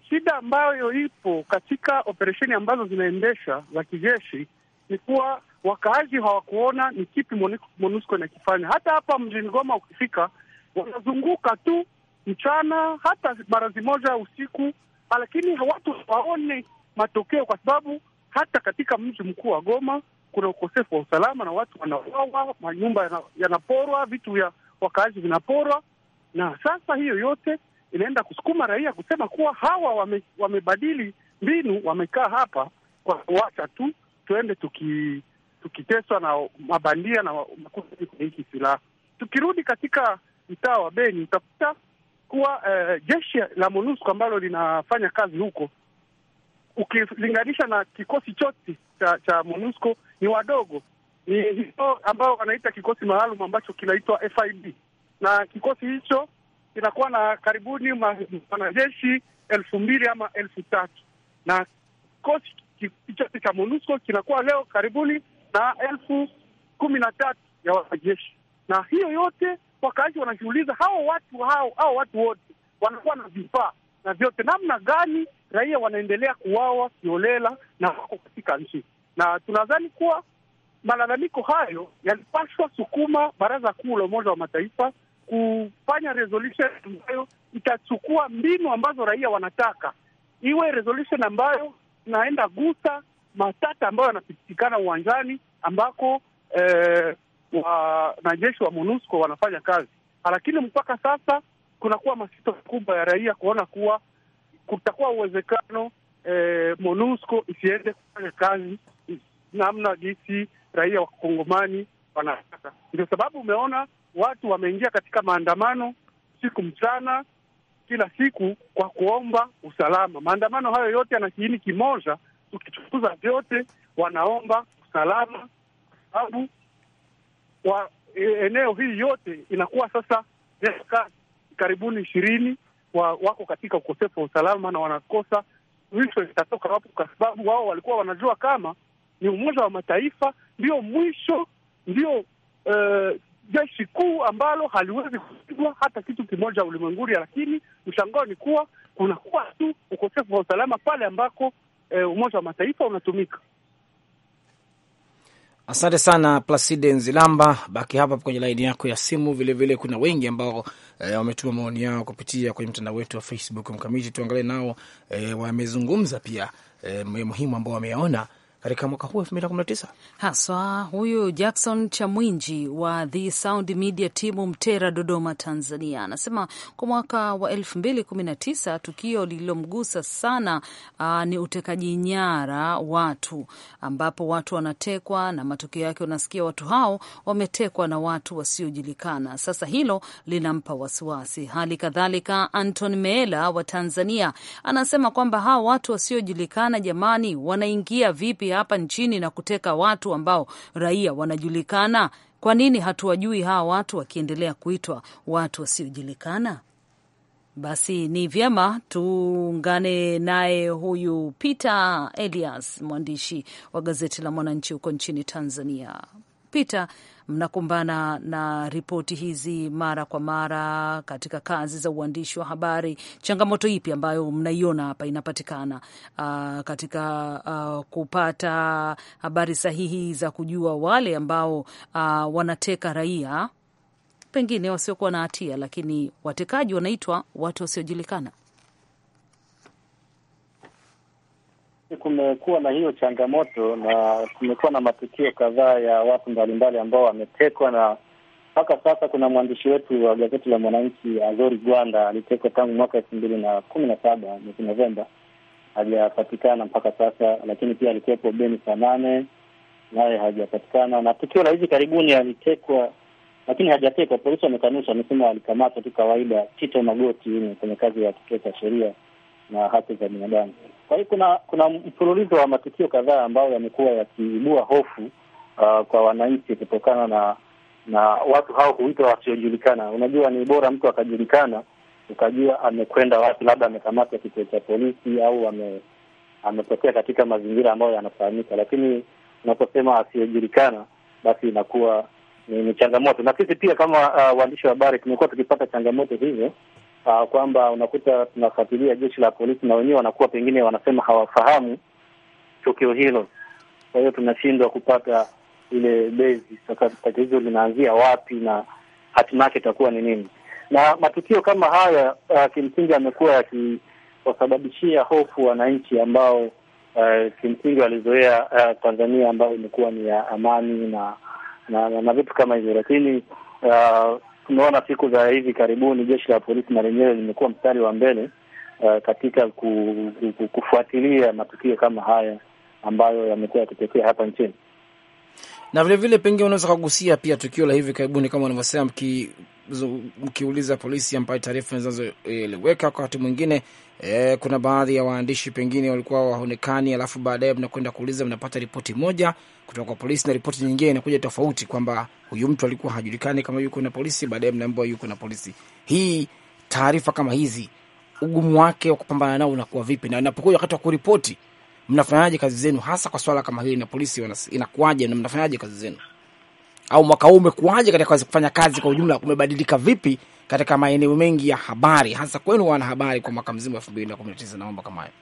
shida ambayo ipo katika operesheni ambazo zinaendesha za kijeshi ni kuwa wakaazi hawakuona ni kipi MONUSCO inakifanya. Hata hapa mjini Goma ukifika, wanazunguka tu mchana, hata mara zimoja usiku, lakini watu hawaone matokeo, kwa sababu hata katika mji mkuu wa Goma kuna ukosefu wa usalama na watu wanauawa, manyumba yanaporwa, vitu vya wakaazi vinaporwa. Na sasa hiyo yote inaenda kusukuma raia kusema kuwa hawa wame, wamebadili mbinu, wamekaa hapa kwa kuacha tu tuende tuki, tukiteswa na mabandia na makundi kwenye hiki silaha. Tukirudi katika mtaa wa Beni utakuta kuwa eh, jeshi la MONUSCO ambalo linafanya kazi huko ukilinganisha na kikosi chote cha, cha MONUSCO ni wadogo, ni hiyo ambao wanaita kikosi maalum ambacho kinaitwa FIB, na kikosi hicho kinakuwa na karibuni wanajeshi elfu mbili ama elfu tatu na kikosi chote cha MONUSCO kinakuwa leo karibuni na elfu kumi na tatu ya wanajeshi, na hiyo yote wakaaji wanajiuliza hao watu hao, hao watu wote wanakuwa na vifaa na vyote, namna gani raia wanaendelea kuwawa kiolela na wako katika nchi? Na tunadhani kuwa malalamiko hayo yalipaswa sukuma Baraza Kuu la Umoja wa Mataifa kufanya resolution ambayo itachukua mbinu ambazo raia wanataka, iwe resolution ambayo inaenda gusa matata ambayo yanapitikana uwanjani ambako eh, wanajeshi wa MONUSCO wanafanya kazi, lakini mpaka sasa kunakuwa masito makubwa ya raia kuona kuwa kutakuwa uwezekano eh, MONUSCO isiende kufanya kazi namna jinsi raia wa Kongomani wanataka. Ndio sababu umeona watu wameingia katika maandamano siku mchana kila siku kwa kuomba usalama. Maandamano hayo yote yana kiini kimoja, tukichunguza vyote, wanaomba usalama, kwa sababu kwa e, eneo hii yote inakuwa sasa miaka karibuni ishirini wa, wako katika ukosefu wa usalama na wanakosa mwisho itatoka wapo, kwa sababu wao walikuwa wanajua kama ni Umoja wa Mataifa ndio mwisho ndio uh, jeshi kuu ambalo haliwezi kupigwa hata kitu kimoja ulimwenguni. Lakini mshangao ni kuwa kunakuwa tu ukosefu wa usalama pale ambako eh, Umoja wa Mataifa unatumika. Asante sana Placide Nzilamba, baki hapa kwenye laini yako ya simu. Vilevile vile kuna wengi ambao e, wametuma maoni yao kupitia kwenye mtandao wetu wa Facebook. Mkamiti, tuangalie nao e, wamezungumza pia e, muhimu ambao wameyaona katika mwaka huu tisa haswa. Huyu Jackson Chamwinji wa The Sound Media timu Mtera, Dodoma, Tanzania, anasema kwa mwaka wa tisa tukio lililomgusa sana aa, ni utekaji nyara watu, ambapo watu wanatekwa na matokeo yake unasikia watu hao wametekwa na watu wasiojulikana. Sasa hilo linampa wasiwasi. Hali kadhalika Anton Meela wa Tanzania anasema kwamba hawa watu wasiojulikana, jamani, wanaingia vipi hapa nchini na kuteka watu ambao raia wanajulikana. Kwa nini hatuwajui hawa watu wakiendelea kuitwa watu wasiojulikana? Basi ni vyema tuungane naye huyu Peter Elias, mwandishi wa gazeti la Mwananchi huko nchini Tanzania. Peter, mnakumbana na ripoti hizi mara kwa mara katika kazi za uandishi wa habari, changamoto ipi ambayo mnaiona hapa inapatikana uh, katika uh, kupata habari sahihi za kujua wale ambao uh, wanateka raia pengine wasiokuwa na hatia, lakini watekaji wanaitwa watu wasiojulikana? kumekuwa na hiyo changamoto na kumekuwa na matukio kadhaa ya watu mbalimbali ambao wametekwa, na mpaka sasa kuna mwandishi wetu wa gazeti la Mwananchi Azori Gwanda alitekwa tangu mwaka elfu mbili na kumi na saba mwezi Novemba, hajapatikana mpaka sasa, lakini pia alikuwepo Beni nane naye hajapatikana, na tukio la hivi karibuni alitekwa lakini hajatekwa. Polisi wamekanusha, amesema alikamatwa tu kawaida. Tito Magoti ni mfanyakazi wa kituo cha sheria na haki za binadamu. Kwa hiyo kuna kuna mfululizo wa matukio kadhaa ambayo yamekuwa yakiibua hofu uh, kwa wananchi kutokana na na watu hao huitwa wasiojulikana. Unajua, ni bora mtu akajulikana, ukajua amekwenda wapi, labda amekamatwa kituo cha polisi au ame, ametokea katika mazingira ambayo yanafahamika, lakini unaposema asiyojulikana, basi inakuwa ni, ni changamoto. Na sisi pia kama uh, waandishi wa habari tumekuwa tukipata changamoto hizo uh, kwamba unakuta tunafuatilia jeshi la polisi na wenyewe wanakuwa pengine wanasema hawafahamu tukio hilo, kwa hiyo tunashindwa kupata ile bezi sasa tatizo linaanzia wapi na hatima yake itakuwa ni nini. Na matukio kama haya uh, kimsingi amekuwa yakiwasababishia hofu wananchi ambao uh, kimsingi walizoea uh, Tanzania ambayo imekuwa ni ya amani na na, na, na vitu kama hivyo, lakini uh, tumeona siku za hivi karibuni jeshi la polisi na lenyewe limekuwa mstari wa mbele uh, katika ku, ku, kufuatilia matukio kama haya ambayo yamekuwa yakitokea hapa nchini na vilevile pengine unaweza kugusia pia tukio la hivi karibuni kama unavyosema, mkiuliza polisi ambayo taarifa eh, zinazoeleweka, eh, wakati mwingine e, kuna baadhi ya waandishi pengine walikuwa waonekani, alafu baadaye mnakwenda kuuliza, mnapata ripoti moja kutoka kwa polisi na ripoti nyingine inakuja tofauti, kwamba huyu mtu alikuwa hajulikani kama yuko na polisi, baadaye mnaambiwa yuko na polisi. Hii taarifa kama hizi, ugumu wake wa kupambana nao unakuwa vipi? Na unapokuja wakati wa kuripoti, mnafanyaje kazi zenu, hasa kwa swala kama hili na polisi inakuwaje, na mnafanyaje kazi zenu? Au mwaka huu umekuwaje katika kufanya kazi kwa ujumla, kumebadilika vipi katika maeneo mengi ya habari, hasa kwenu wanahabari, kwa mwaka mzima elfu mbili na kumi na tisa. Naomba kama hayo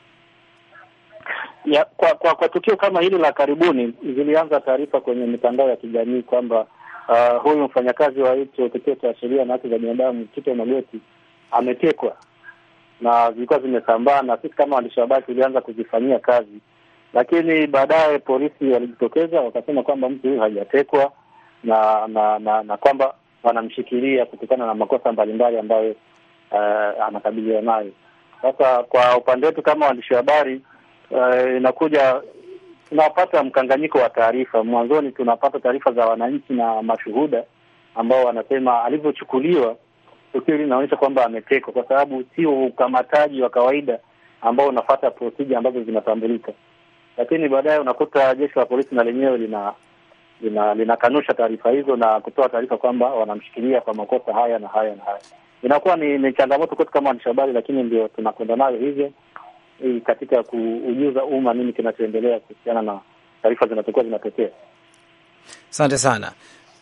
ya, kwa, kwa, kwa tukio kama hili la karibuni zilianza taarifa kwenye mitandao ya kijamii kwamba uh, huyu mfanyakazi wa hicho kituo cha sheria na haki za binadamu Tito Magoti ametekwa, na zilikuwa zimesambaa, na sisi kama waandishi habari tulianza kuzifanyia kazi, lakini baadaye polisi walijitokeza wakasema kwamba mtu huyu hajatekwa na na, na na kwamba wanamshikilia kutokana na makosa mbalimbali ambayo uh, anakabiliwa nayo. Sasa kwa upande wetu kama waandishi wa habari uh, inakuja tunapata mkanganyiko wa taarifa. Mwanzoni tunapata taarifa za wananchi na mashuhuda ambao wanasema alivyochukuliwa tukio hili linaonyesha kwamba ametekwa, kwa sababu sio ukamataji wa kawaida ambao unafata procedure ambazo zinatambulika, lakini baadaye unakuta jeshi la polisi na lenyewe lina linakanusha taarifa hizo na kutoa taarifa kwamba wanamshikilia kwa makosa haya na haya na haya. Inakuwa ni, ni changamoto kwetu kama waandishi habari, lakini ndio tunakwenda nayo hivyo katika kuujuza umma nini kinachoendelea kuhusiana na taarifa zinazokuwa zinatokea. Asante sana.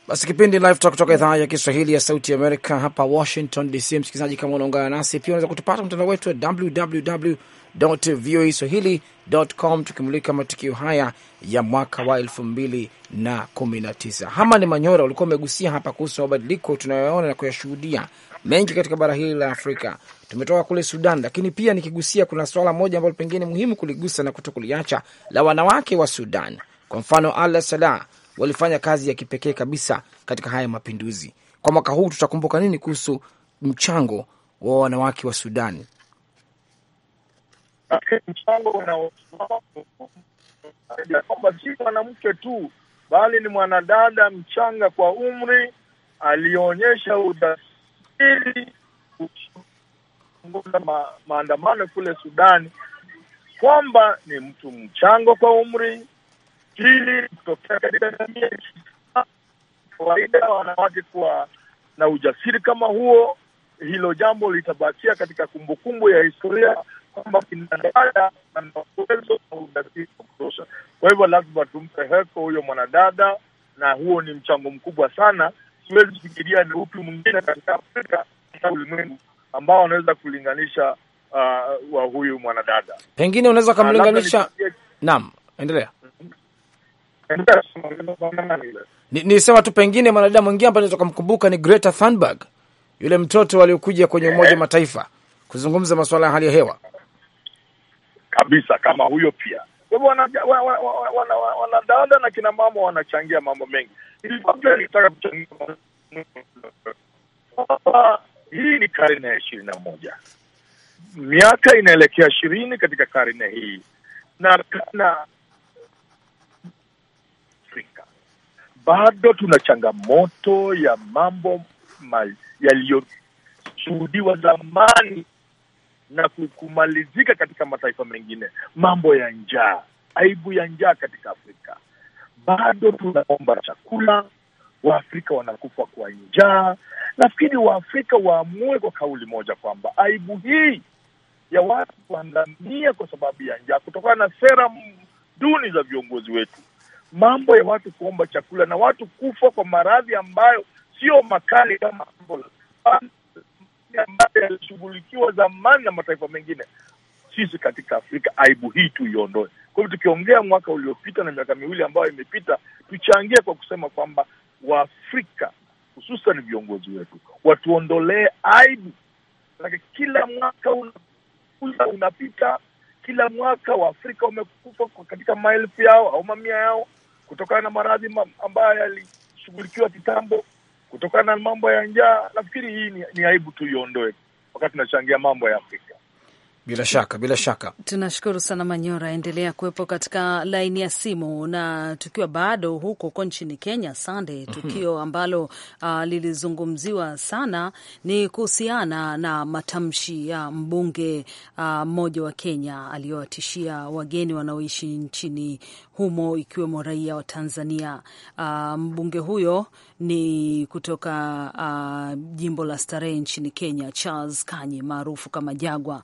Basi kipindi Live Talk kutoka idhaa ya Kiswahili ya Sauti ya Amerika hapa Washington DC. Msikilizaji, kama unaungana nasi pia unaweza kutupata mtandao wetu wa www voa swahilicom, tukimulika matukio haya ya mwaka wa elfu mbili na kumi na tisa. Hamani Manyora, ulikuwa umegusia hapa kuhusu mabadiliko tunayoyaona na kuyashuhudia mengi katika bara hili la Afrika. Tumetoka kule Sudan, lakini pia nikigusia, kuna swala moja ambalo pengine muhimu kuligusa na kuto kuliacha la wanawake wa Sudan. Kwa mfano, Ala Salah walifanya kazi ya kipekee kabisa katika haya mapinduzi. Kwa mwaka huu tutakumbuka nini kuhusu mchango wa wanawake wa Sudan? Mchango kwamba si mwanamke tu, bali ni mwanadada mchanga kwa umri alionyesha ujasiri kuongoza ma, maandamano kule Sudani, kwamba ni mtu mchango kwa umri, Pili, kutokea katika jamii ya kawaida wanawake kuwa na ujasiri kama huo, hilo jambo litabakia katika kumbukumbu ya historia kwamba kinadada ana uwezo na ujasiri wa kutosha. Kwa hivyo lazima tumpe heko huyo mwanadada, na huo ni mchango mkubwa sana. Siwezi kufikiria ni upi mwingine katika Afrika na ulimwengu ambao wanaweza kulinganisha uh, wa huyu mwanadada. Pengine unaweza ukamlinganisha. Naam, endelea. Nisema tu pengine mwanadada mwingine ambaye naweza kumkumbuka ni Greta Thunberg, yule mtoto aliyokuja kwenye Umoja wa Mataifa kuzungumza masuala ya hali ya hewa kabisa kama huyo pia. Kwa hivyo wanadada wana, wana, wana, na kina mama wanachangia mambo mengi. kuchangia hii ni karne ya ishirini na moja, miaka inaelekea ishirini katika karne hii na, na bado tuna changamoto ya mambo yaliyoshuhudiwa zamani na kumalizika katika mataifa mengine, mambo ya njaa, aibu ya njaa katika Afrika. Bado tunaomba chakula, Waafrika wanakufa kwa njaa. Nafikiri Waafrika waamue kwa kauli moja kwamba aibu hii ya watu kuangamia kwa sababu ya njaa kutokana na sera duni za viongozi wetu mambo ya watu kuomba chakula na watu kufa kwa maradhi ambayo sio makali kama ambayo yalishughulikiwa zamani na mataifa mengine. Sisi katika Afrika aibu hii tuiondoe. Kwa hivyo tukiongea mwaka uliopita na miaka miwili ambayo imepita, tuchangie kwa kusema kwamba Waafrika hususan viongozi wetu watuondolee aibu, manake kila mwaka unakuja unapita, kila mwaka Waafrika wamekufa katika maelfu yao au mamia yao kutokana na maradhi ambayo yalishughulikiwa kitambo, kutokana na mambo ya njaa. Nafikiri hii ni, ni aibu tuiondoe wakati tunachangia mambo ya Afrika. Bila shaka bila shaka, tunashukuru sana Manyora. Endelea kuwepo katika laini ya simu. Na tukiwa bado huko huko nchini Kenya, Sande, mhm. tukio ambalo uh, lilizungumziwa sana ni kuhusiana na matamshi ya mbunge ah, mmoja wa Kenya aliyowatishia wageni wanaoishi nchini humo ikiwemo raia wa Tanzania. Uh, mbunge huyo ni kutoka uh, jimbo la Starehe nchini Kenya, Charles Kanyi maarufu kama Jagwa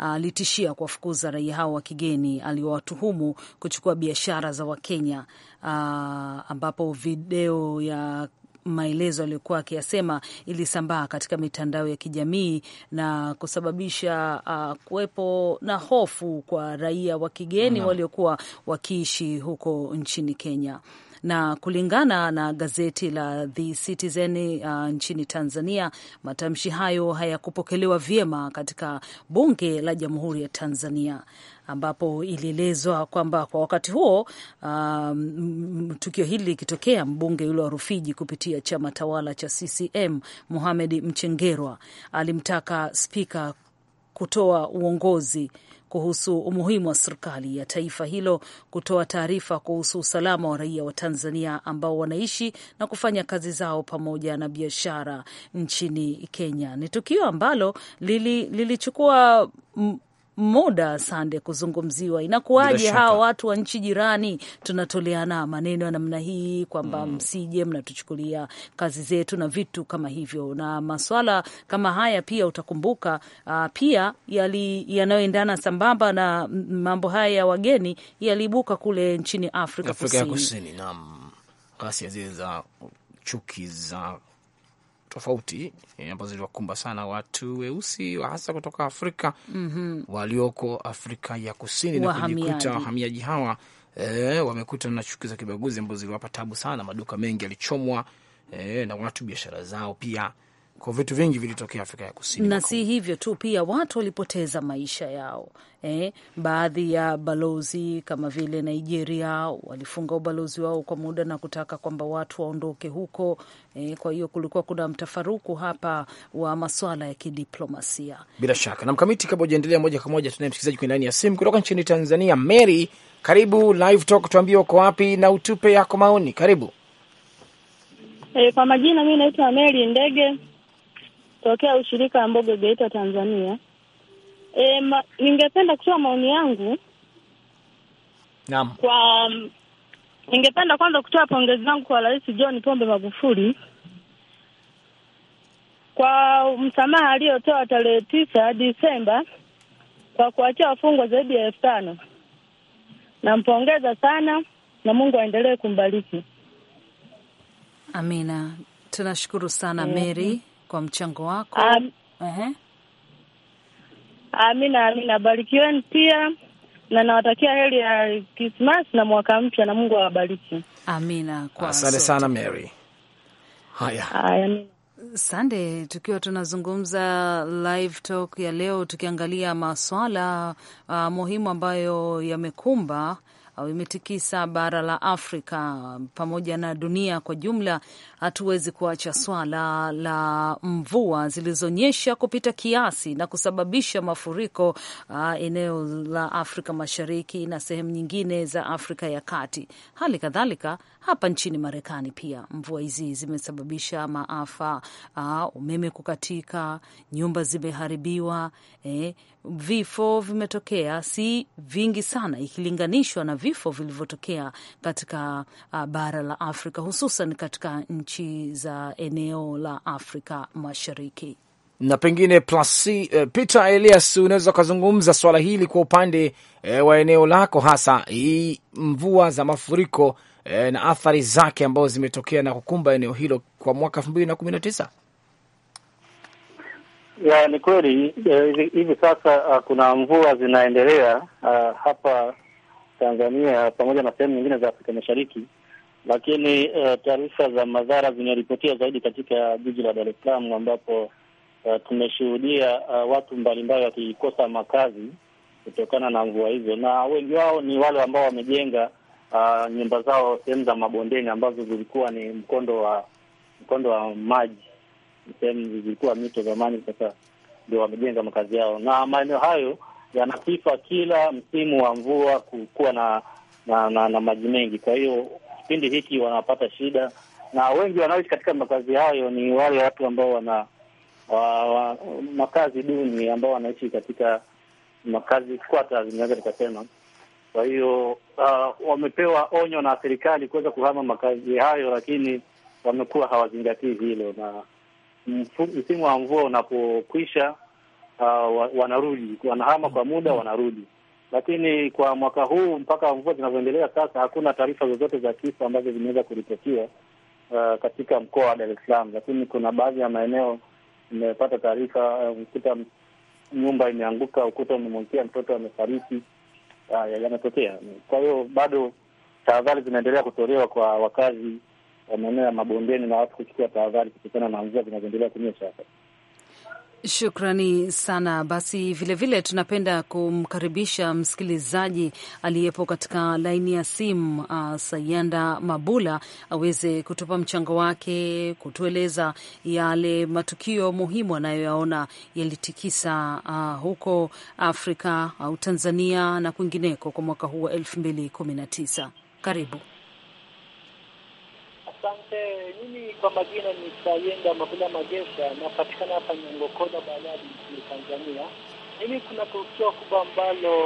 alitishia kuwafukuza raia hao wa kigeni aliowatuhumu kuchukua biashara za Wakenya, ah, ambapo video ya maelezo aliyokuwa akiyasema ilisambaa katika mitandao ya kijamii na kusababisha uh, kuwepo na hofu kwa raia wa kigeni mm. waliokuwa wakiishi huko nchini Kenya na kulingana na gazeti la The Citizen uh, nchini Tanzania, matamshi hayo hayakupokelewa vyema katika bunge la Jamhuri ya Tanzania ambapo ilielezwa kwamba kwa wakati huo um, tukio hili likitokea, mbunge yule wa Rufiji kupitia chama tawala cha CCM Mohamed Mchengerwa alimtaka spika kutoa uongozi kuhusu umuhimu wa serikali ya taifa hilo kutoa taarifa kuhusu usalama wa raia wa Tanzania ambao wanaishi na kufanya kazi zao pamoja na biashara nchini Kenya. Ni tukio ambalo lilichukua lili muda Sande kuzungumziwa. Inakuwaje hawa watu wa nchi jirani tunatoleana maneno ya namna hii kwamba mm, msije mnatuchukulia kazi zetu na vitu kama hivyo, na maswala kama haya pia utakumbuka, uh, pia yanayoendana sambamba na mambo haya ya wageni yaliibuka kule nchini Afrika, Afrika Kusini, Kusini. Naam, ghasia zile za chuki za tofauti e, ambazo ziliwakumba sana watu weusi hasa kutoka Afrika mm -hmm. walioko Afrika ya Kusini wahamiaji, na kujikuta wahamiaji hawa e, wamekuta na chuki za kibaguzi ambazo ziliwapa tabu sana. Maduka mengi yalichomwa e, na watu biashara zao pia kwa vitu vingi vilitokea Afrika ya Kusini, na si hivyo tu, pia watu walipoteza maisha yao. Eh, baadhi ya balozi kama vile Nigeria walifunga ubalozi wao kwa muda na kutaka kwamba watu waondoke huko. Eh, kwa hiyo kulikuwa kuna mtafaruku hapa wa maswala ya kidiplomasia bila shaka. Na mkamiti, kabla ujaendelea moja kwa moja, tunaye msikilizaji kwenye laini ya simu kutoka nchini Tanzania. Mary, karibu Live Talk, tuambie uko wapi na utupe yako maoni. Karibu. E, kwa majina mi naitwa Mary Ndege tokea ushirika wa mboga Geita, Tanzania. E, ma, ningependa kutoa maoni yangu. Naam. Kwa mm, ningependa kwanza kutoa pongezi zangu kwa Rais John Pombe Magufuli kwa msamaha aliyotoa tarehe tisa Disemba kwa kuachia wafungwa zaidi ya elfu tano. Nampongeza sana na Mungu aendelee kumbariki. Amina, tunashukuru sana eh, Mary. Eh kwa mchango wako. Um, uh-huh. Ah, amina, amina, barikiweni pia na nawatakia heri ya Krismas na mwaka mpya, na Mungu awabariki. Amina, asante sana Mary. Haya, haya Sande, tukiwa tunazungumza live talk ya leo tukiangalia maswala uh, muhimu ambayo yamekumba imetikisa bara la Afrika pamoja na dunia kwa jumla. Hatuwezi kuacha swala la mvua zilizonyesha kupita kiasi na kusababisha mafuriko uh, eneo la Afrika Mashariki na sehemu nyingine za Afrika ya Kati. Hali kadhalika hapa nchini Marekani pia mvua hizi zimesababisha maafa, uh, umeme kukatika, nyumba zimeharibiwa eh, vifo vimetokea, si vingi sana ikilinganishwa na vifo vilivyotokea katika uh, bara la Afrika, hususan katika nchi za eneo la Afrika Mashariki na pengine plus, uh, Peter Elias, unaweza ukazungumza swala hili kwa upande uh, wa eneo lako, hasa hii mvua za mafuriko uh, na athari zake ambazo zimetokea na kukumba eneo hilo kwa mwaka elfu mbili na kumi na tisa. Ya, ni kweli hivi sasa uh, kuna mvua zinaendelea uh, hapa Tanzania pamoja na sehemu nyingine za Afrika Mashariki, lakini uh, taarifa za madhara zimeripotiwa zaidi katika jiji la Dar es Salaam ambapo uh, tumeshuhudia uh, watu mbalimbali wakikosa makazi kutokana na mvua hizo, na wengi wao ni wale ambao wamejenga uh, nyumba zao sehemu za mabondeni ambazo zilikuwa ni mkondo wa mkondo wa maji sehemu zilikuwa mito zamani, sasa ndio wamejenga makazi yao, na maeneo hayo yana sifa kila msimu wa mvua kuwa na na, na, na maji mengi. Kwa hiyo kipindi hiki wanapata shida, na wengi wanaoishi katika makazi hayo ni wale watu ambao wana wa, wa, makazi duni ambao wanaishi katika makazi kwata, zinaweza nikasema. Kwa hiyo uh, wamepewa onyo na serikali kuweza kuhama makazi hayo, lakini wamekuwa hawazingatii hilo na msimu wa mvua unapokwisha, uh, wanarudi, wanahama kwa muda, wanarudi. Lakini kwa mwaka huu mpaka mvua zinavyoendelea sasa, hakuna taarifa zozote za kifo ambazo zimeweza kuripotiwa uh, katika mkoa wa Dar es Salaam, lakini kuna baadhi ya maeneo imepata taarifa kuta uh, nyumba imeanguka, ukuta umemwangukia, mtoto amefariki, uh, yametokea. Kwa hiyo bado tahadhari zinaendelea kutolewa kwa wakazi maeneo ya mabondeni na watu kuchukua tahadhari kutokana na mvua zinazoendelea kunyesha hapa. Shukrani sana. Basi vilevile vile tunapenda kumkaribisha msikilizaji aliyepo katika laini ya simu uh, Sayanda Mabula aweze kutupa mchango wake, kutueleza yale matukio muhimu anayoyaona yalitikisa uh, huko Afrika au uh, Tanzania na kwingineko kwa mwaka huu wa elfu mbili kumi na tisa. Karibu. Asante. Mimi kwa majina ni Sayenda Mabula Magesha, napatikana hapa Nyongokola, Baladi nchini Tanzania. Mimi kuna tukio kubwa ambalo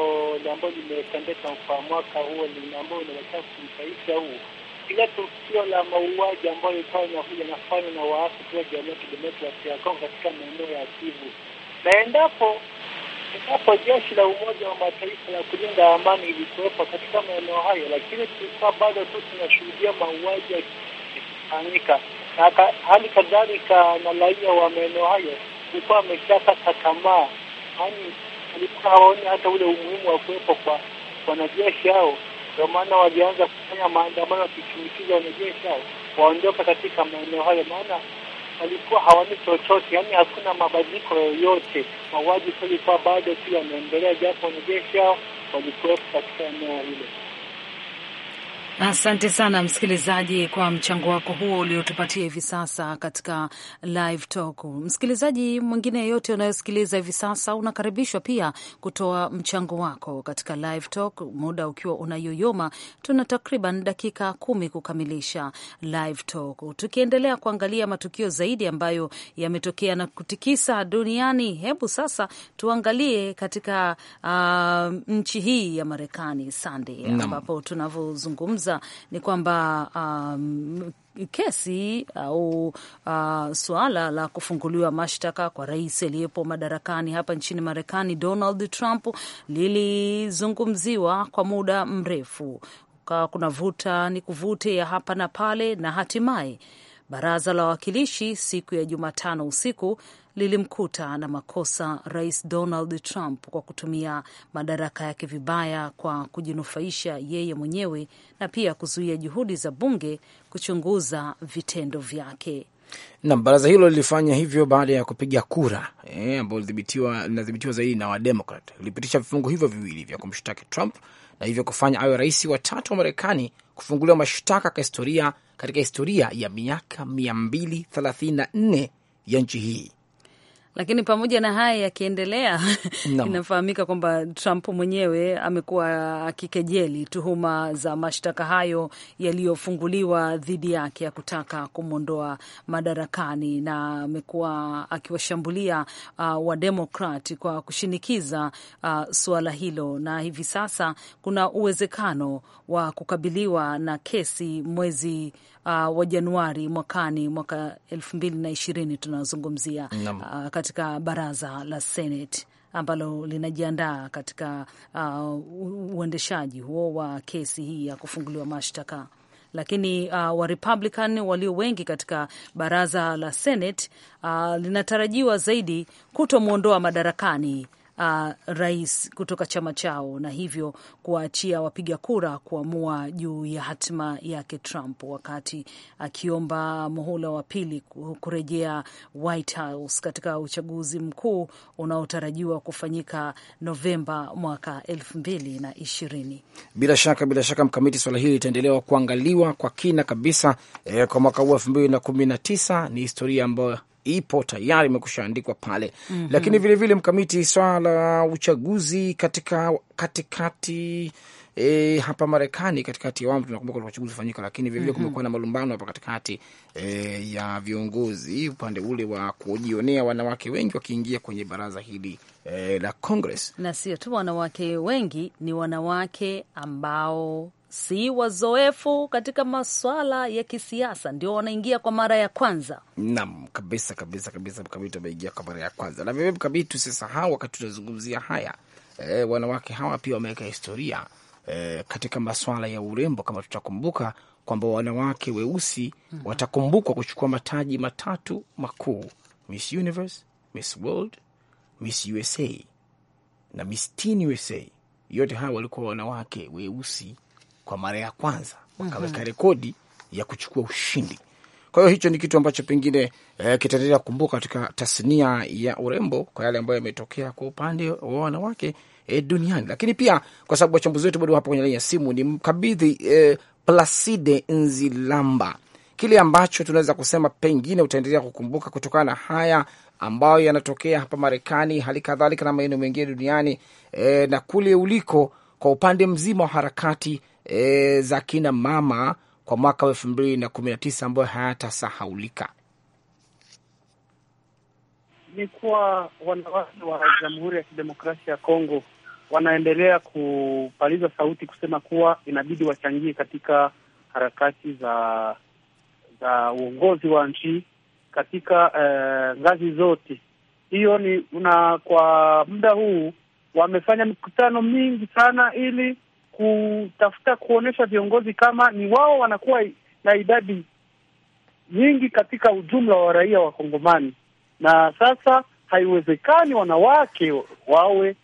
ambayo limetendeka kwa mwaka huo ambao unaelekea kuisha huu, kila tukio la mauaji ambayo ilikuwa inakuja na waasi kwa jamii ya Kidemokrasia ya Kongo katika maeneo ya Kivu, na endapo endapo jeshi la Umoja wa Mataifa la kulinda amani ilikuwepo katika maeneo hayo, lakini tulikuwa bado tu tunashuhudia mauaji ya kufanyika, na hali kadhalika na raia wa maeneo hayo kulikuwa wameshakata tamaa, yaani alikuwa hawaoni hata ule umuhimu wa kuwepo kwa wanajeshi hao. Ndio maana walianza kufanya maandamano wakishinikiza wanajeshi hao waondoka katika maeneo hayo, maana walikuwa hawani chochote, yaani hakuna mabadiliko yoyote. Mauaji yalikuwa bado pia yanaendelea, japo wanajeshi hao walikuwepo katika eneo hilo. Asante sana msikilizaji kwa mchango wako huo uliotupatia hivi sasa katika live talk. Msikilizaji mwingine yeyote unayosikiliza hivi sasa, unakaribishwa pia kutoa mchango wako katika live talk, muda ukiwa unayoyoma. Tuna takriban dakika kumi kukamilisha live talk, tukiendelea kuangalia matukio zaidi ambayo yametokea na kutikisa duniani. Hebu sasa tuangalie katika uh, nchi hii ya Marekani, sande ambapo tunavyozungumza kwanza ni kwamba um, kesi au uh, suala la kufunguliwa mashtaka kwa rais aliyepo madarakani hapa nchini Marekani Donald Trump lilizungumziwa kwa muda mrefu, ukawa kuna vuta ni kuvute ya hapa na pale na hatimaye Baraza la Wawakilishi siku ya Jumatano usiku lilimkuta na makosa Rais Donald Trump kwa kutumia madaraka yake vibaya kwa kujinufaisha yeye mwenyewe na pia kuzuia juhudi za bunge kuchunguza vitendo vyake. Nam, baraza hilo lilifanya hivyo baada ya kupiga kura eh, ambayo linadhibitiwa zaidi na Wademokrat. Lilipitisha vifungu hivyo viwili vya kumshtaki Trump na hivyo kufanya awe rais wa tatu wa Marekani kufunguliwa mashtaka ka historia katika historia ya miaka 234 ya nchi hii. Lakini pamoja na haya yakiendelea, inafahamika kwamba Trump mwenyewe amekuwa akikejeli tuhuma za mashtaka hayo yaliyofunguliwa dhidi yake ya kutaka kumwondoa madarakani, na amekuwa akiwashambulia uh, Wademokrat kwa kushinikiza uh, suala hilo, na hivi sasa kuna uwezekano wa kukabiliwa na kesi mwezi uh, wa Januari mwakani, mwaka elfu mbili na ishirini tunazungumzia uh, katika baraza la Senate ambalo linajiandaa katika uh, uendeshaji huo wa kesi hii ya kufunguliwa mashtaka lakini uh, Warepublican walio wengi katika baraza la Senate uh, linatarajiwa zaidi kutomwondoa madarakani uh, rais kutoka chama chao na hivyo kuwaachia wapiga kura kuamua juu ya hatima yake Trump wakati akiomba muhula wa pili kurejea White House katika uchaguzi mkuu unaotarajiwa kufanyika Novemba mwaka elfu mbili na ishirini. Bila shaka, bila shaka mkamiti, swala hili litaendelewa kuangaliwa kwa kina kabisa eh, kwa mwaka huu elfu mbili na kumi na tisa ni historia ambayo ipo tayari imekusha andikwa pale mm -hmm. Lakini vilevile mkamiti swala la uchaguzi katika katikati E, hapa Marekani katikati ya wamu tunakumbuka kuna uchaguzi ufanyika, lakini vilevile mm -hmm. kumekuwa na malumbano hapa katikati e, ya viongozi upande ule wa kujionea wanawake wengi wakiingia kwenye baraza hili e, la Congress, na sio tu wanawake wengi, ni wanawake ambao si wazoefu katika maswala ya kisiasa ndio wanaingia kwa mara ya kwanza. Naam, kabisa kabisa kabisa, Mkamiti wameingia kwa mara ya kwanza. Na vivyo Mkamiti, tusisahau wakati tunazungumzia haya e, wanawake hawa pia wameweka historia e, katika maswala ya urembo, kama tutakumbuka kwamba wanawake weusi mhm. watakumbukwa kuchukua mataji matatu makuu: Miss Universe, Miss World, Miss USA na Miss Teen USA. Yote hawa walikuwa wanawake weusi kwa mara ya kwanza wakaweka mm -hmm. rekodi ya kuchukua ushindi. Kwa hiyo hicho ni kitu ambacho pengine eh, kitaendelea kukumbuka katika tasnia ya urembo kwa yale ambayo yametokea kwa upande wa wanawake eh, duniani, lakini pia kwa sababu wachambuzi wetu bado hapo kwenye laini ya simu ni mkabidhi eh, Placide Nzilamba, kile ambacho tunaweza kusema pengine utaendelea kukumbuka kutokana na haya ambayo yanatokea hapa Marekani, hali kadhalika na maeneo mengine duniani eh, na kule uliko kwa upande mzima wa harakati e, za kina mama kwa mwaka wa elfu mbili na kumi na tisa ambayo hayatasahaulika ni kuwa wanawake wa Jamhuri ya Kidemokrasia ya Kongo wanaendelea kupaliza sauti kusema kuwa inabidi wachangie katika harakati za za uongozi wa nchi katika uh, ngazi zote. Hiyo ni na kwa muda huu wamefanya mikutano mingi sana ili kutafuta kuonyesha viongozi kama ni wao wanakuwa na idadi nyingi katika ujumla wa raia wa Kongomani, na sasa haiwezekani wanawake wawe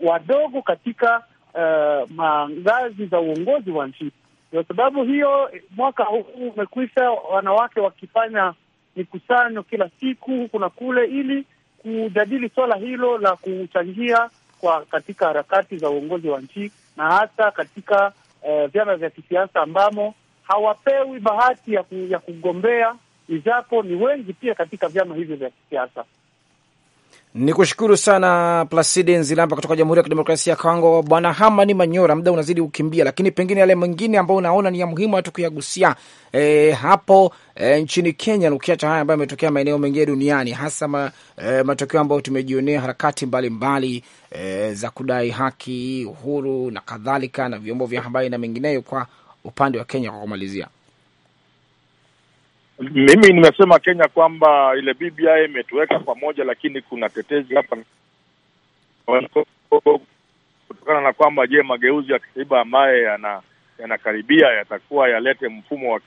wadogo katika uh, mangazi za uongozi wa nchi. Kwa sababu hiyo, mwaka huu umekwisha wanawake wakifanya mikusanyo kila siku huku na kule, ili kujadili swala hilo la kuchangia kwa katika harakati za uongozi wa nchi na hasa katika eh, vyama vya kisiasa ambamo hawapewi bahati ya, ku, ya kugombea ijapo ni wengi pia katika vyama hivyo vya kisiasa. Ni kushukuru sana Plasidi Nzilamba kutoka Jamhuri ya Kidemokrasia ya Kongo. Bwana Hamani Manyora, muda unazidi kukimbia, lakini pengine yale mengine ambayo unaona ni ya muhimu hatu kuyagusia e, eh, hapo e, nchini Kenya, na ukiacha haya ambayo ametokea maeneo mengine duniani, hasa ma, e, matokeo ambayo tumejionea harakati mbalimbali mbali, e, za kudai haki, uhuru na kadhalika na vyombo vya habari na mengineyo, kwa upande wa Kenya, kwa kumalizia mimi nimesema Kenya kwamba ile BBI imetuweka pamoja, lakini kuna tetezi hapa kutokana na kwamba, je, mageuzi ya katiba ambaye yana yanakaribia yatakuwa yalete mfumo wa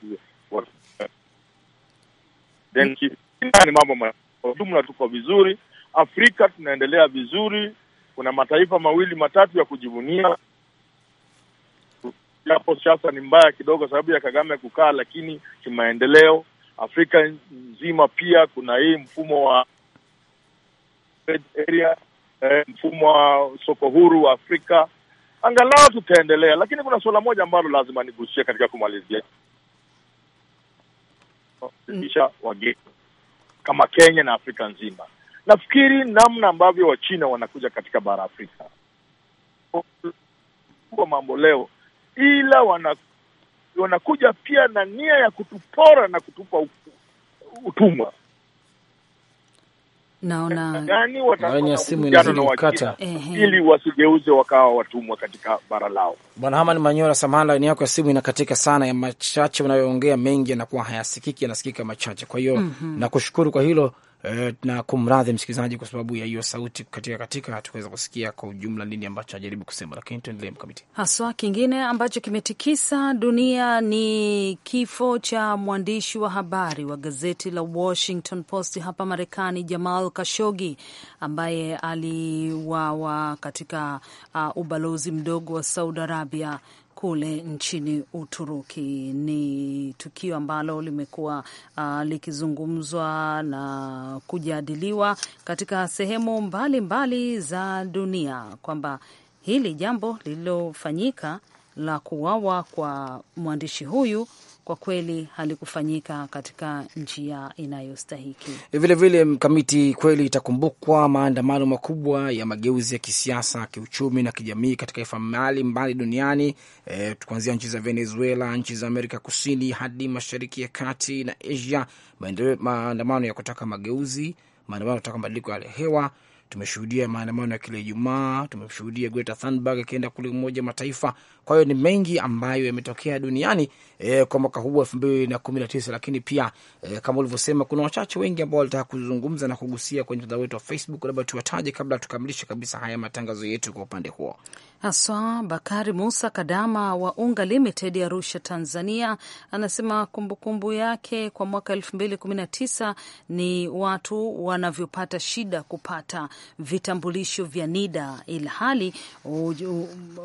ni mambo ujumla tuko vizuri. Afrika tunaendelea vizuri, kuna mataifa mawili matatu ya kujivunia, japo siasa ni mbaya kidogo sababu ya Kagame kukaa, lakini kimaendeleo Afrika nzima pia kuna hii mfumo wa area, eh, mfumo wa soko huru wa Afrika. Angalau tutaendelea, lakini kuna suala moja ambalo lazima nigusie katika kumalizia mm. isha wageni kama Kenya na Afrika nzima. Nafikiri namna ambavyo Wachina wanakuja katika bara Afrika kwa mambo leo, ila wana wanakuja pia na nia ya kutupora na kutupa utumwa. Naona gani watafanya simu inazidi ili wasigeuze wakawa watumwa katika bara lao. Bwana Haman Manyora, samahani, laini yako ya simu inakatika sana, ya machache unayoongea mengi yanakuwa hayasikiki, yanasikika machache. Kwa hiyo mm -hmm. nakushukuru kwa hilo Eh, na kumradhi msikilizaji kwa sababu ya hiyo sauti katika katika hatukuweza kusikia kwa ujumla nini ambacho anajaribu kusema, lakini tuendelee mkamiti. Haswa kingine ambacho kimetikisa dunia ni kifo cha mwandishi wa habari wa gazeti la Washington Post hapa Marekani, Jamal Kashogi ambaye aliwawa katika uh, ubalozi mdogo wa Saudi Arabia kule nchini Uturuki. Ni tukio ambalo limekuwa uh, likizungumzwa na kujadiliwa katika sehemu mbalimbali mbali za dunia kwamba hili jambo lililofanyika la kuuawa kwa mwandishi huyu kwa kweli halikufanyika katika njia inayostahiki. Vilevile mkamiti, kweli itakumbukwa maandamano makubwa ya mageuzi ya kisiasa, kiuchumi na kijamii katika taifa mbalimbali duniani e, kuanzia nchi za Venezuela, nchi za Amerika Kusini hadi mashariki ya kati na Asia. Maandamano ya kutaka mageuzi, maandamano ya kutaka mabadiliko ya hali ya hewa tumeshuhudia maandamano ya kila Ijumaa, tumeshuhudia Greta Thunberg akienda kule Umoja Mataifa. Kwa hiyo ni mengi ambayo yametokea duniani e, kwa mwaka huu elfu mbili na kumi na tisa, lakini pia e, kama ulivyosema kuna wachache wengi ambao walitaka kuzungumza na kugusia kwenye mtandao wetu wa Facebook. Labda tuwataje kabla tukamilishe kabisa haya matangazo yetu kwa upande huo haswa. Bakari Musa Kadama wa Unga Limited Arusha, Tanzania, anasema kumbukumbu yake kwa mwaka elfu mbili kumi na tisa ni watu wanavyopata shida kupata vitambulisho vya NIDA ilhali,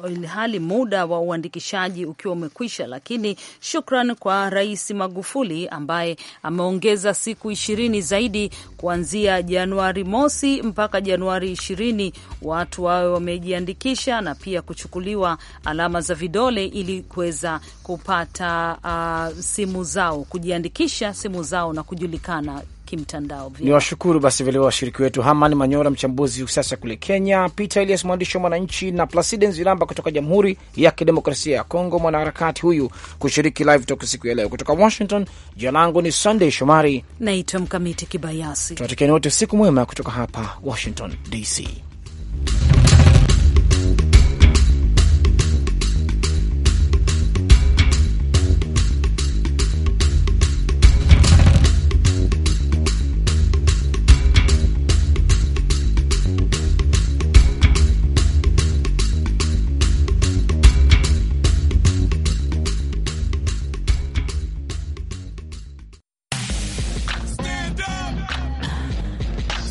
ilhali muda wa uandikishaji ukiwa umekwisha, lakini shukran kwa Rais Magufuli ambaye ameongeza siku ishirini zaidi kuanzia Januari mosi mpaka Januari ishirini watu wawe wamejiandikisha na pia kuchukuliwa alama za vidole ili kuweza kupata uh, simu zao kujiandikisha simu zao na kujulikana kimtandao. Ni washukuru basi vilevile washiriki wetu Haman Manyora, mchambuzi sasa kule Kenya, Peter Elias, mwandishi wa Mwananchi, na Plasidens Vilamba kutoka Jamhuri ya Kidemokrasia ya Kongo, mwanaharakati huyu kushiriki live talk siku ya leo kutoka Washington. Jina langu ni Sunday Shomari, naitwa Mkamiti Kibayasi. Tunatakieni wote siku mwema kutoka hapa Washington DC.